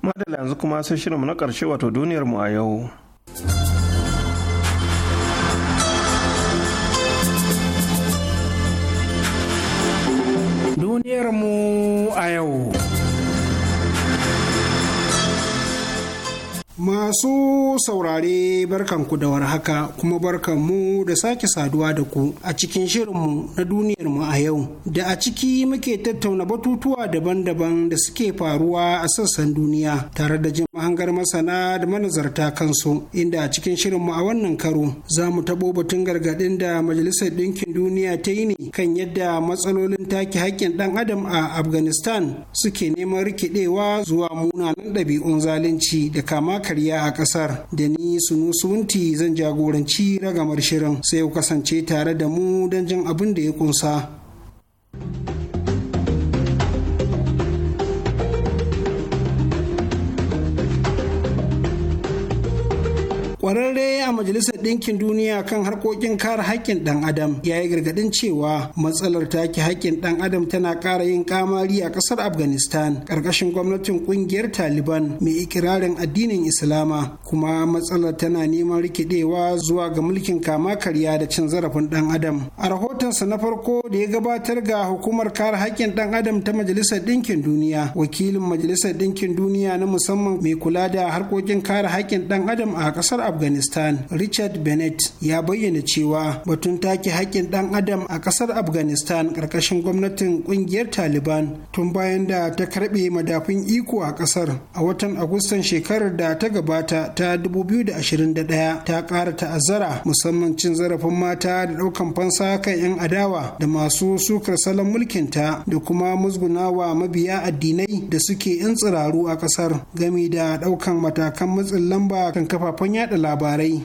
madalla yanzu kuma sai shirinmu na ƙarshe wato duniyar mu a yau Duniyar mu a yau Masu saurare barkanku da warhaka kuma barkanmu da sake saduwa da ku a cikin shirinmu na duniyarmu a yau da a ciki muke tattauna batutuwa daban-daban da suke faruwa a sassan duniya tare da jin hangar masana da manazarta kansu inda a cikin shirinmu a wannan karo za mu taɓo batun gargaɗin da Majalisar Ɗinkin Duniya ta yi ne kan yadda matsalolin take haƙƙin ɗan adam a Afghanistan suke neman rikidewa zuwa munanan ɗabi'un zalunci da kama karya a kasar da ni sunu sunti zan jagoranci ragamar shirin sai ku kasance tare da mu don jin abin da ya kunsa. kwararre a majalisar ɗinkin duniya kan harkokin kare haƙƙin ɗan adam ya yi gargaɗin cewa matsalar take haƙƙin ɗan adam tana ƙara yin kamari a ƙasar afghanistan ƙarƙashin gwamnatin ƙungiyar taliban mai ikirarin addinin islama kuma matsalar tana neman rikidewa zuwa ga mulkin kama karya da cin zarafin ɗan adam a rahotonsa na farko da ya gabatar ga hukumar kare haƙƙin ɗan adam ta majalisar ɗinkin duniya wakilin majalisar ɗinkin duniya na musamman mai kula da harkokin kare haƙƙin ɗan adam a ƙasar afghanistan richard bennett ya bayyana cewa batun take haƙƙin ɗan adam a ƙasar afghanistan ƙarƙashin gwamnatin ƙungiyar taliban tun bayan da ta karɓe madafun iko a ƙasar a watan agustan shekarar da ta gabata ta 2021 ta ƙara ta'azzara musamman cin zarafin mata da ɗaukan fansa kan 'yan adawa da masu sukar salon mulkinta da kuma musgunawa mabiya addinai da suke 'yan tsiraru a ƙasar gami da ɗaukan matakan matsin lamba kan kafafen yada labarai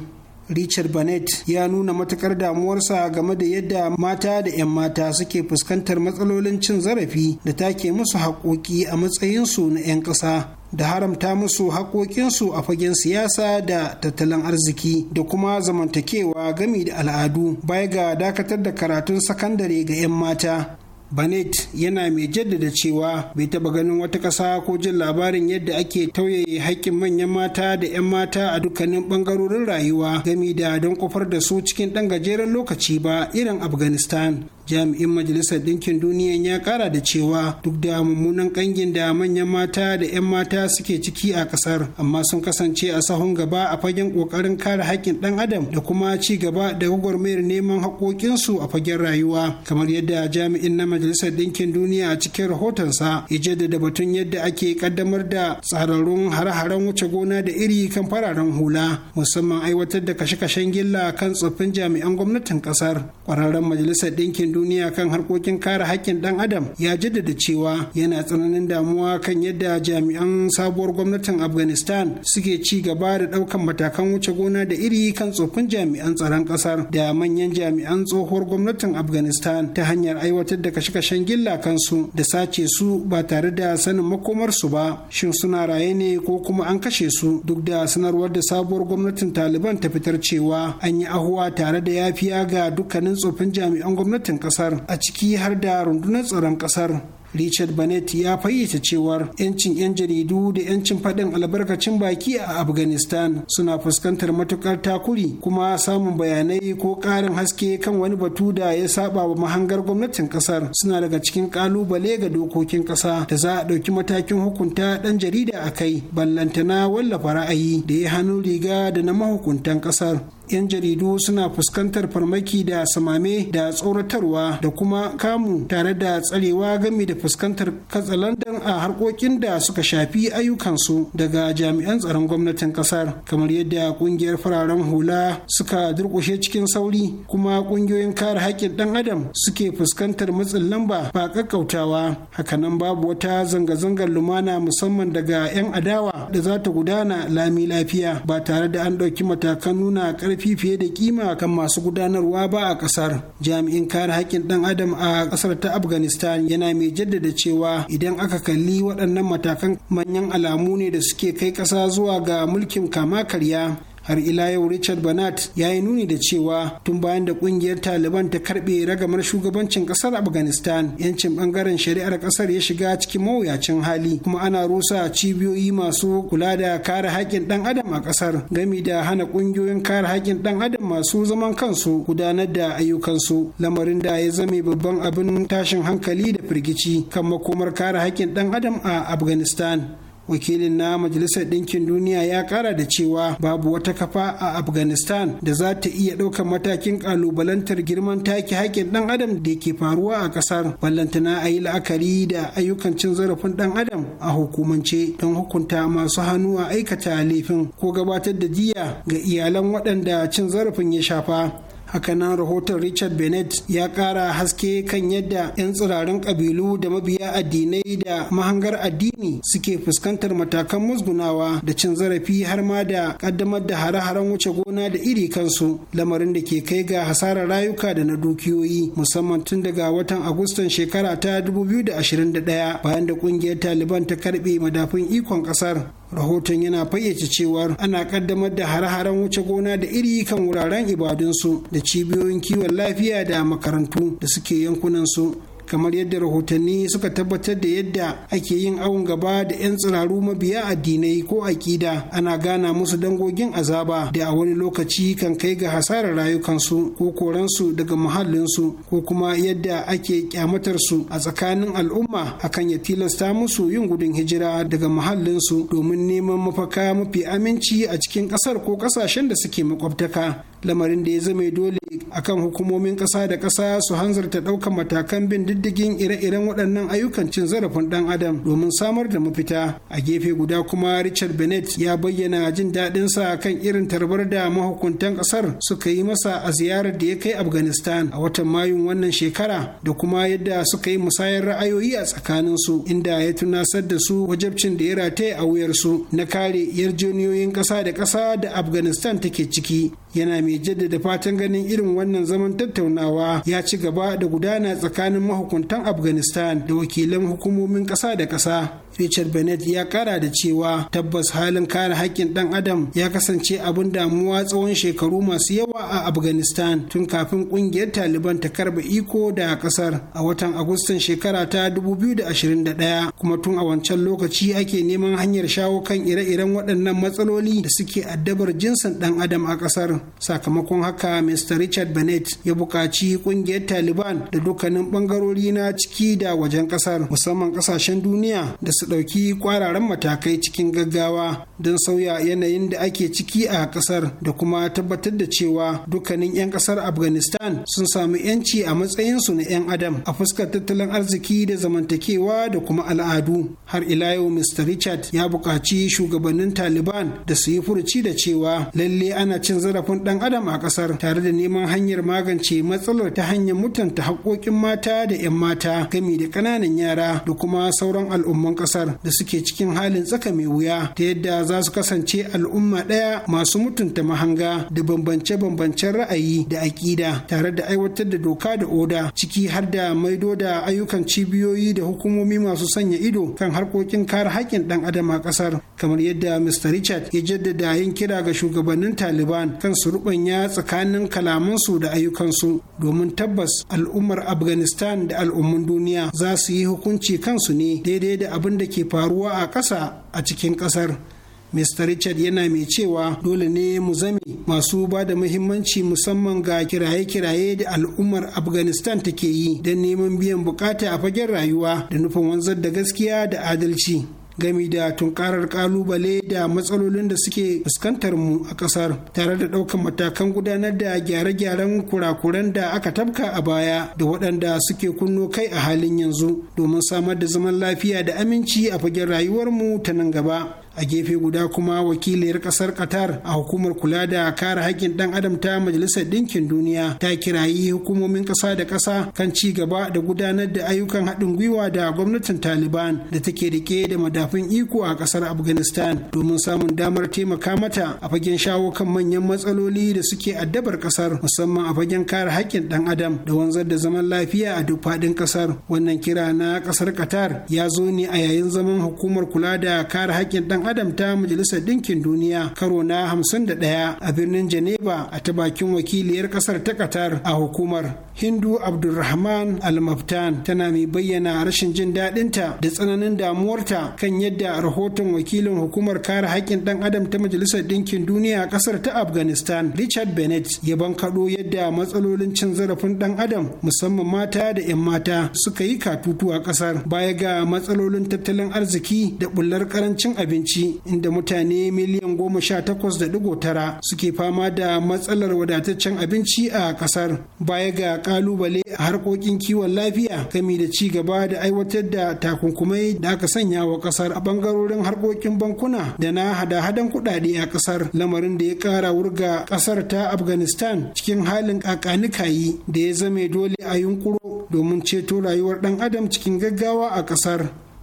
Richard Bennett ya nuna matukar damuwarsa game da yadda mata da 'yan mata suke fuskantar matsalolin cin zarafi da take musu haƙoƙi a matsayinsu na 'yan ƙasa da haramta musu haƙoƙinsu a fagen siyasa da tattalin arziki da kuma zamantakewa gami da al'adu baya ga dakatar da karatun sakandare ga 'yan mata Banet yana mai jaddada cewa bai taba ganin wata ƙasa ko jin labarin yadda ake tauye haƙƙin manyan mata da 'yan mata a dukkanin ɓangarorin rayuwa gami da don kofar da su cikin ɗan gajeren lokaci ba irin Afghanistan. jami'in majalisar ɗinkin duniya ya ƙara da cewa duk da mummunan ƙangin da manyan mata da 'yan mata suke ciki a ƙasar amma sun kasance a sahun gaba a fagen ƙoƙarin kare haƙƙin ɗan adam da kuma ci gaba da gwagwarmayar neman haƙoƙinsu a fagen rayuwa kamar yadda jami'in na majalisar ɗinkin duniya a cikin rahotonsa ya jaddada batun yadda ake ƙaddamar da tsararrun hare-haren wuce gona da iri kan fararen hula musamman aiwatar da kashe-kashen gilla kan tsoffin jami'an gwamnatin ƙasar ƙwararren majalisar ɗinkin duniya kan harkokin kare haƙƙin ɗan adam ya jaddada cewa yana tsananin damuwa kan yadda jami'an sabuwar gwamnatin afghanistan suke ci gaba da ɗaukan matakan wuce gona da iri kan tsoffin jami'an tsaron ƙasar da manyan jami'an tsohuwar gwamnatin afghanistan ta hanyar aiwatar da kashe-kashen gilla kansu da sace su ba tare da sanin makomarsu ba shin suna raye ne ko kuma an kashe su duk da sanarwar da sabuwar gwamnatin taliban ta fitar cewa an yi ahuwa tare da yafiya ga dukkanin tsoffin jami'an gwamnatin kasar a ciki har da rundunar tsaron kasar Richard Bennett ya fayyace cewar 'yancin 'yan jaridu da 'yancin faɗin albarkacin baki a Afghanistan suna fuskantar matukar takuri kuma samun bayanai ko ƙarin haske kan wani batu da ya saba wa mahangar gwamnatin ƙasar suna daga cikin ƙalubale ga dokokin ƙasa da za a ɗauki matakin hukunta ɗan jarida a kai ballantana wallafa ra'ayi da ya hannu riga da na mahukuntan ƙasar. 'yan jaridu suna fuskantar farmaki da samame da tsoratarwa da kuma kamu tare da tsarewa game da fuskantar katsalandan a harkokin da suka shafi ayyukansu daga jami'an tsaron gwamnatin kasar kamar yadda kungiyar fararen hula suka durkushe cikin sauri kuma kungiyoyin kare haƙƙin ɗan adam suke fuskantar matsin lamba ba kakkautawa hakanan babu wata zanga-zangar lumana musamman daga 'yan adawa da za ta gudana lami lafiya ba tare da an ɗauki matakan nuna ƙarfi ƙarfi fiye da kima kan masu gudanarwa ba a ƙasar jami'in kare haƙƙin ɗan adam a ƙasar ta afghanistan yana mai jaddada cewa idan aka kalli waɗannan matakan manyan alamu ne da suke kai ƙasa zuwa ga mulkin kama karya har ila yau richard banat ya yi nuni da cewa tun bayan da kungiyar taliban ta karbe ragamar shugabancin kasar afghanistan yancin bangaren shari'ar kasar ya shiga cikin mawuyacin hali kuma ana rusa cibiyoyi masu kula da kare haƙƙin dan adam a kasar gami da hana kungiyoyin kare haƙƙin dan adam masu zaman kansu gudanar da ayyukansu lamarin da ya zame babban abin tashin hankali da firgici kan makomar kare haƙƙin dan adam a afghanistan wakilin na majalisar ɗinkin duniya ya ƙara da cewa babu wata kafa a afghanistan da za ta iya ɗaukar matakin ƙalubalantar girman take haƙƙin ɗan adam da ke faruwa a ƙasar na a yi la'akari da ayyukan cin zarafin ɗan adam a hukumance don hukunta masu hannu a aikata laifin ko gabatar da jiya ga iyalan waɗanda cin zarafin ya shafa hakanan rahoton richard bennett ya kara haske kan yadda 'yan tsirarin kabilu da mabiya addinai da mahangar addini suke fuskantar matakan musgunawa da cin zarafi har ma da kaddamar da hare-haren wuce gona da iri kansu lamarin da ke kai ga hasarar rayuka da na dukiyoyi musamman tun daga watan agustan shekara ta 2021 bayan da kungiyar taliban ta karbe madafun ikon kasar rahoton yana fayyace cewar ana kaddamar da hare-haren wuce gona da iri kan wuraren ibadunsu da cibiyoyin kiwon lafiya da makarantu da suke yankunansu kamar yadda rahotanni suka tabbatar da yadda ake yin awon gaba da 'yan tsiraru mabiya addinai ko aƙida ana gana musu dangogin azaba da a wani lokaci kan kai ga hasarar rayukansu ko koransu daga muhallinsu ko kuma yadda ake kyamatarsu a tsakanin al'umma akan ya tilasta musu yin gudun hijira daga muhallinsu domin neman mafaka mafi aminci a cikin ƙasar ko ƙasashen da suke makwabtaka lamarin da ya zama dole akan hukumomin ƙasa da ƙasa su hanzarta ɗaukar matakan bin diddigin ire-iren waɗannan ayyukan cin zarafin ɗan adam domin samar da mafita a gefe guda kuma richard bennett ya bayyana jin daɗinsa kan irin tarbar da mahukuntan ƙasar suka yi masa a ziyarar da ya kai afghanistan a watan mayun wannan shekara da kuma yadda suka yi musayar ra'ayoyi a tsakanin su inda ya tunasar da su wajabcin da ya rataye a wuyarsu na kare yarjejeniyoyin ƙasa da ƙasa da afghanistan take ciki yana mai jaddada fatan ganin irin wannan zaman tattaunawa ya ci gaba da gudana tsakanin mahukuntan afghanistan da wakilan hukumomin ƙasa da ƙasa Richard Bennett ya kara da cewa tabbas halin kare haƙƙin ɗan adam ya kasance abin damuwa tsawon shekaru masu yawa a Afghanistan tun kafin ƙungiyar Taliban ta karba iko da ƙasar a watan Agustan shekara ta 2021 kuma tun a wancan lokaci ake neman hanyar shawo kan ire-iren waɗannan matsaloli da suke addabar jinsin ɗan adam a ƙasar. Sakamakon haka Mr. Richard Bennett ya buƙaci ƙungiyar Taliban da dukkanin ɓangarori na ciki da wajen ƙasar musamman ƙasashen duniya da su ɗauki kwararan matakai cikin gaggawa don sauya yanayin da ake ciki a ƙasar da kuma tabbatar da cewa dukkanin 'yan ƙasar afghanistan sun samu 'yanci a matsayinsu na 'yan adam a fuskar tattalin arziki da zamantakewa da kuma al'adu har ila yau mr richard ya buƙaci shugabannin taliban da su yi furuci da cewa lalle ana cin zarafin ɗan adam a ƙasar tare da neman hanyar magance matsalar ta hanyar mutunta haƙoƙin mata da 'yan mata gami da ƙananan yara da kuma sauran al'umman ƙasar kasar da suke cikin halin tsaka mai wuya ta yadda za su kasance al'umma ɗaya masu mutunta mahanga da bambance-bambancen ra'ayi da aƙida tare da aiwatar da doka da oda ciki har da maido da ayyukan cibiyoyi da hukumomi masu sanya ido kan harkokin kare haƙƙin ɗan adam a ƙasar kamar yadda Mr. Richard ya jaddada yin kira ga shugabannin Taliban kan su rubanya tsakanin kalamansu da ayyukansu domin tabbas al'ummar Afghanistan da al'ummun duniya za su yi hukunci kansu ne daidai da abin da ke faruwa a ƙasa a cikin ƙasar Mr. Richard yana mai cewa dole ne mu zame masu ba da muhimmanci musamman ga kiraye-kiraye da al'ummar Afghanistan take yi don neman biyan bukata a fagen rayuwa da nufin wanzar da gaskiya da adalci. gami da tunkarar kalubale da matsalolin da suke fuskantar mu a kasar tare da ɗaukar matakan gudanar da gyare-gyaren kurakuran da aka tabka a baya da waɗanda suke kunno kai a halin yanzu domin samar da zaman lafiya da aminci a fagen rayuwar mu ta nan gaba a gefe guda kuma wakiliyar kasar qatar a hukumar kula da kare haƙƙin ɗan adam ta majalisar ɗinkin duniya ta kirayi hukumomin ƙasa da ƙasa kan ci gaba da gudanar da ayyukan haɗin gwiwa da gwamnatin taliban da take rike da madafin iko a ƙasar afghanistan domin samun damar taimaka mata a fagen shawo kan manyan matsaloli da suke addabar ƙasar musamman a fagen kare haƙƙin ɗan adam da wanzar da zaman lafiya a duk faɗin ƙasar wannan kira na ƙasar qatar ya zo ne a yayin zaman hukumar kula da kare haƙƙin ɗan adam ta majalisar ɗinkin duniya karo na ɗaya a birnin Geneva a ta bakin wakiliyar ƙasar ta Qatar a hukumar Hindu Abdulrahman Al-Maftan tana mai bayyana rashin jin daɗinta da tsananin damuwarta kan yadda rahoton wakilin hukumar kare haƙƙin ɗan adam ta majalisar ɗinkin duniya ƙasar ta Afghanistan Richard Bennett ya bankaɗo yadda matsalolin cin zarafin ɗan adam musamman mata da 'yan mata suka yi katutu a ƙasar baya ga matsalolin tattalin arziki da bullar ƙarancin abinci abinci inda mutane miliyan goma sha takwas da digo tara suke fama da matsalar wadataccen abinci a kasar baya ga kalubale a harkokin kiwon lafiya gami da ci gaba da aiwatar da takunkumai da aka sanya wa kasar a bangarorin harkokin bankuna da na hada-hadan kudade a kasar lamarin da ya ƙara wurga kasar ta afghanistan cikin halin kakanikayi da ya zame dole a yunkuro domin ceto rayuwar dan adam cikin gaggawa a kasar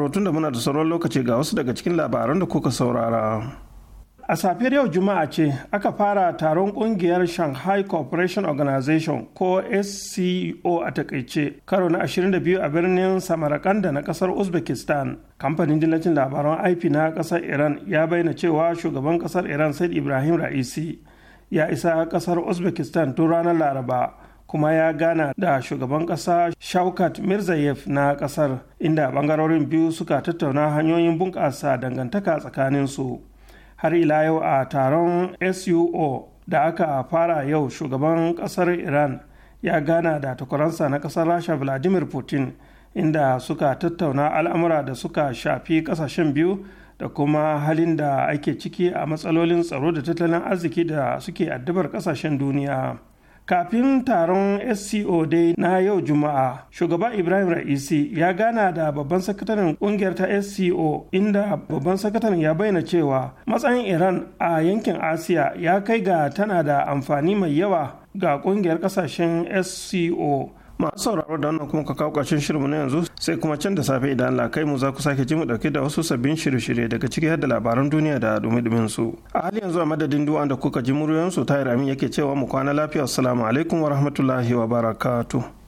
sauraro da muna da sauran lokaci ga wasu daga cikin labaran da kuka saurara. A safiyar yau Juma'a ce aka fara taron kungiyar Shanghai Cooperation Organization ko SCO a takaice karo na 22 a birnin Samarkand na kasar Uzbekistan. Kamfanin dillacin labaran IP na kasar Iran ya bayyana cewa shugaban kasar Iran Said Ibrahim Ra'isi ya isa kasar Uzbekistan tun ranar Laraba. kuma ya gana da shugaban ƙasa shaukat mirzayev na ƙasar inda ɓangarorin biyu suka tattauna hanyoyin bunƙasa dangantaka tsakaninsu har ila yau a taron suo da aka fara yau shugaban ƙasar iran ya gana da takwaransa na ƙasar rasha vladimir putin inda suka tattauna al'amura da suka shafi ƙasashen biyu da kuma halin da ake ciki a matsalolin tsaro da tattalin arziki da suke addabar ƙasashen duniya. kafin taron sco dai na yau juma'a shugaba ibrahim ra'isi ya gana da babban sakataren kungiyar ta sco inda babban sakataren ya bayyana cewa matsayin iran a yankin asiya ya kai ga tana da amfani mai yawa ga kungiyar kasashen sco masu sauraro da wannan kuma ka kawo ƙarshen shirinmu na yanzu sai kuma can da safe idan Allah kai mu za ku sake ji mu dauke da wasu sabbin shirye-shirye daga ciki har da labaran duniya da dumi-dumin su a hali yanzu a madadin duwan da kuka ji muryoyin su tayar amin yake cewa mu kwana lafiya assalamu alaikum wa rahmatullahi wa barakatuh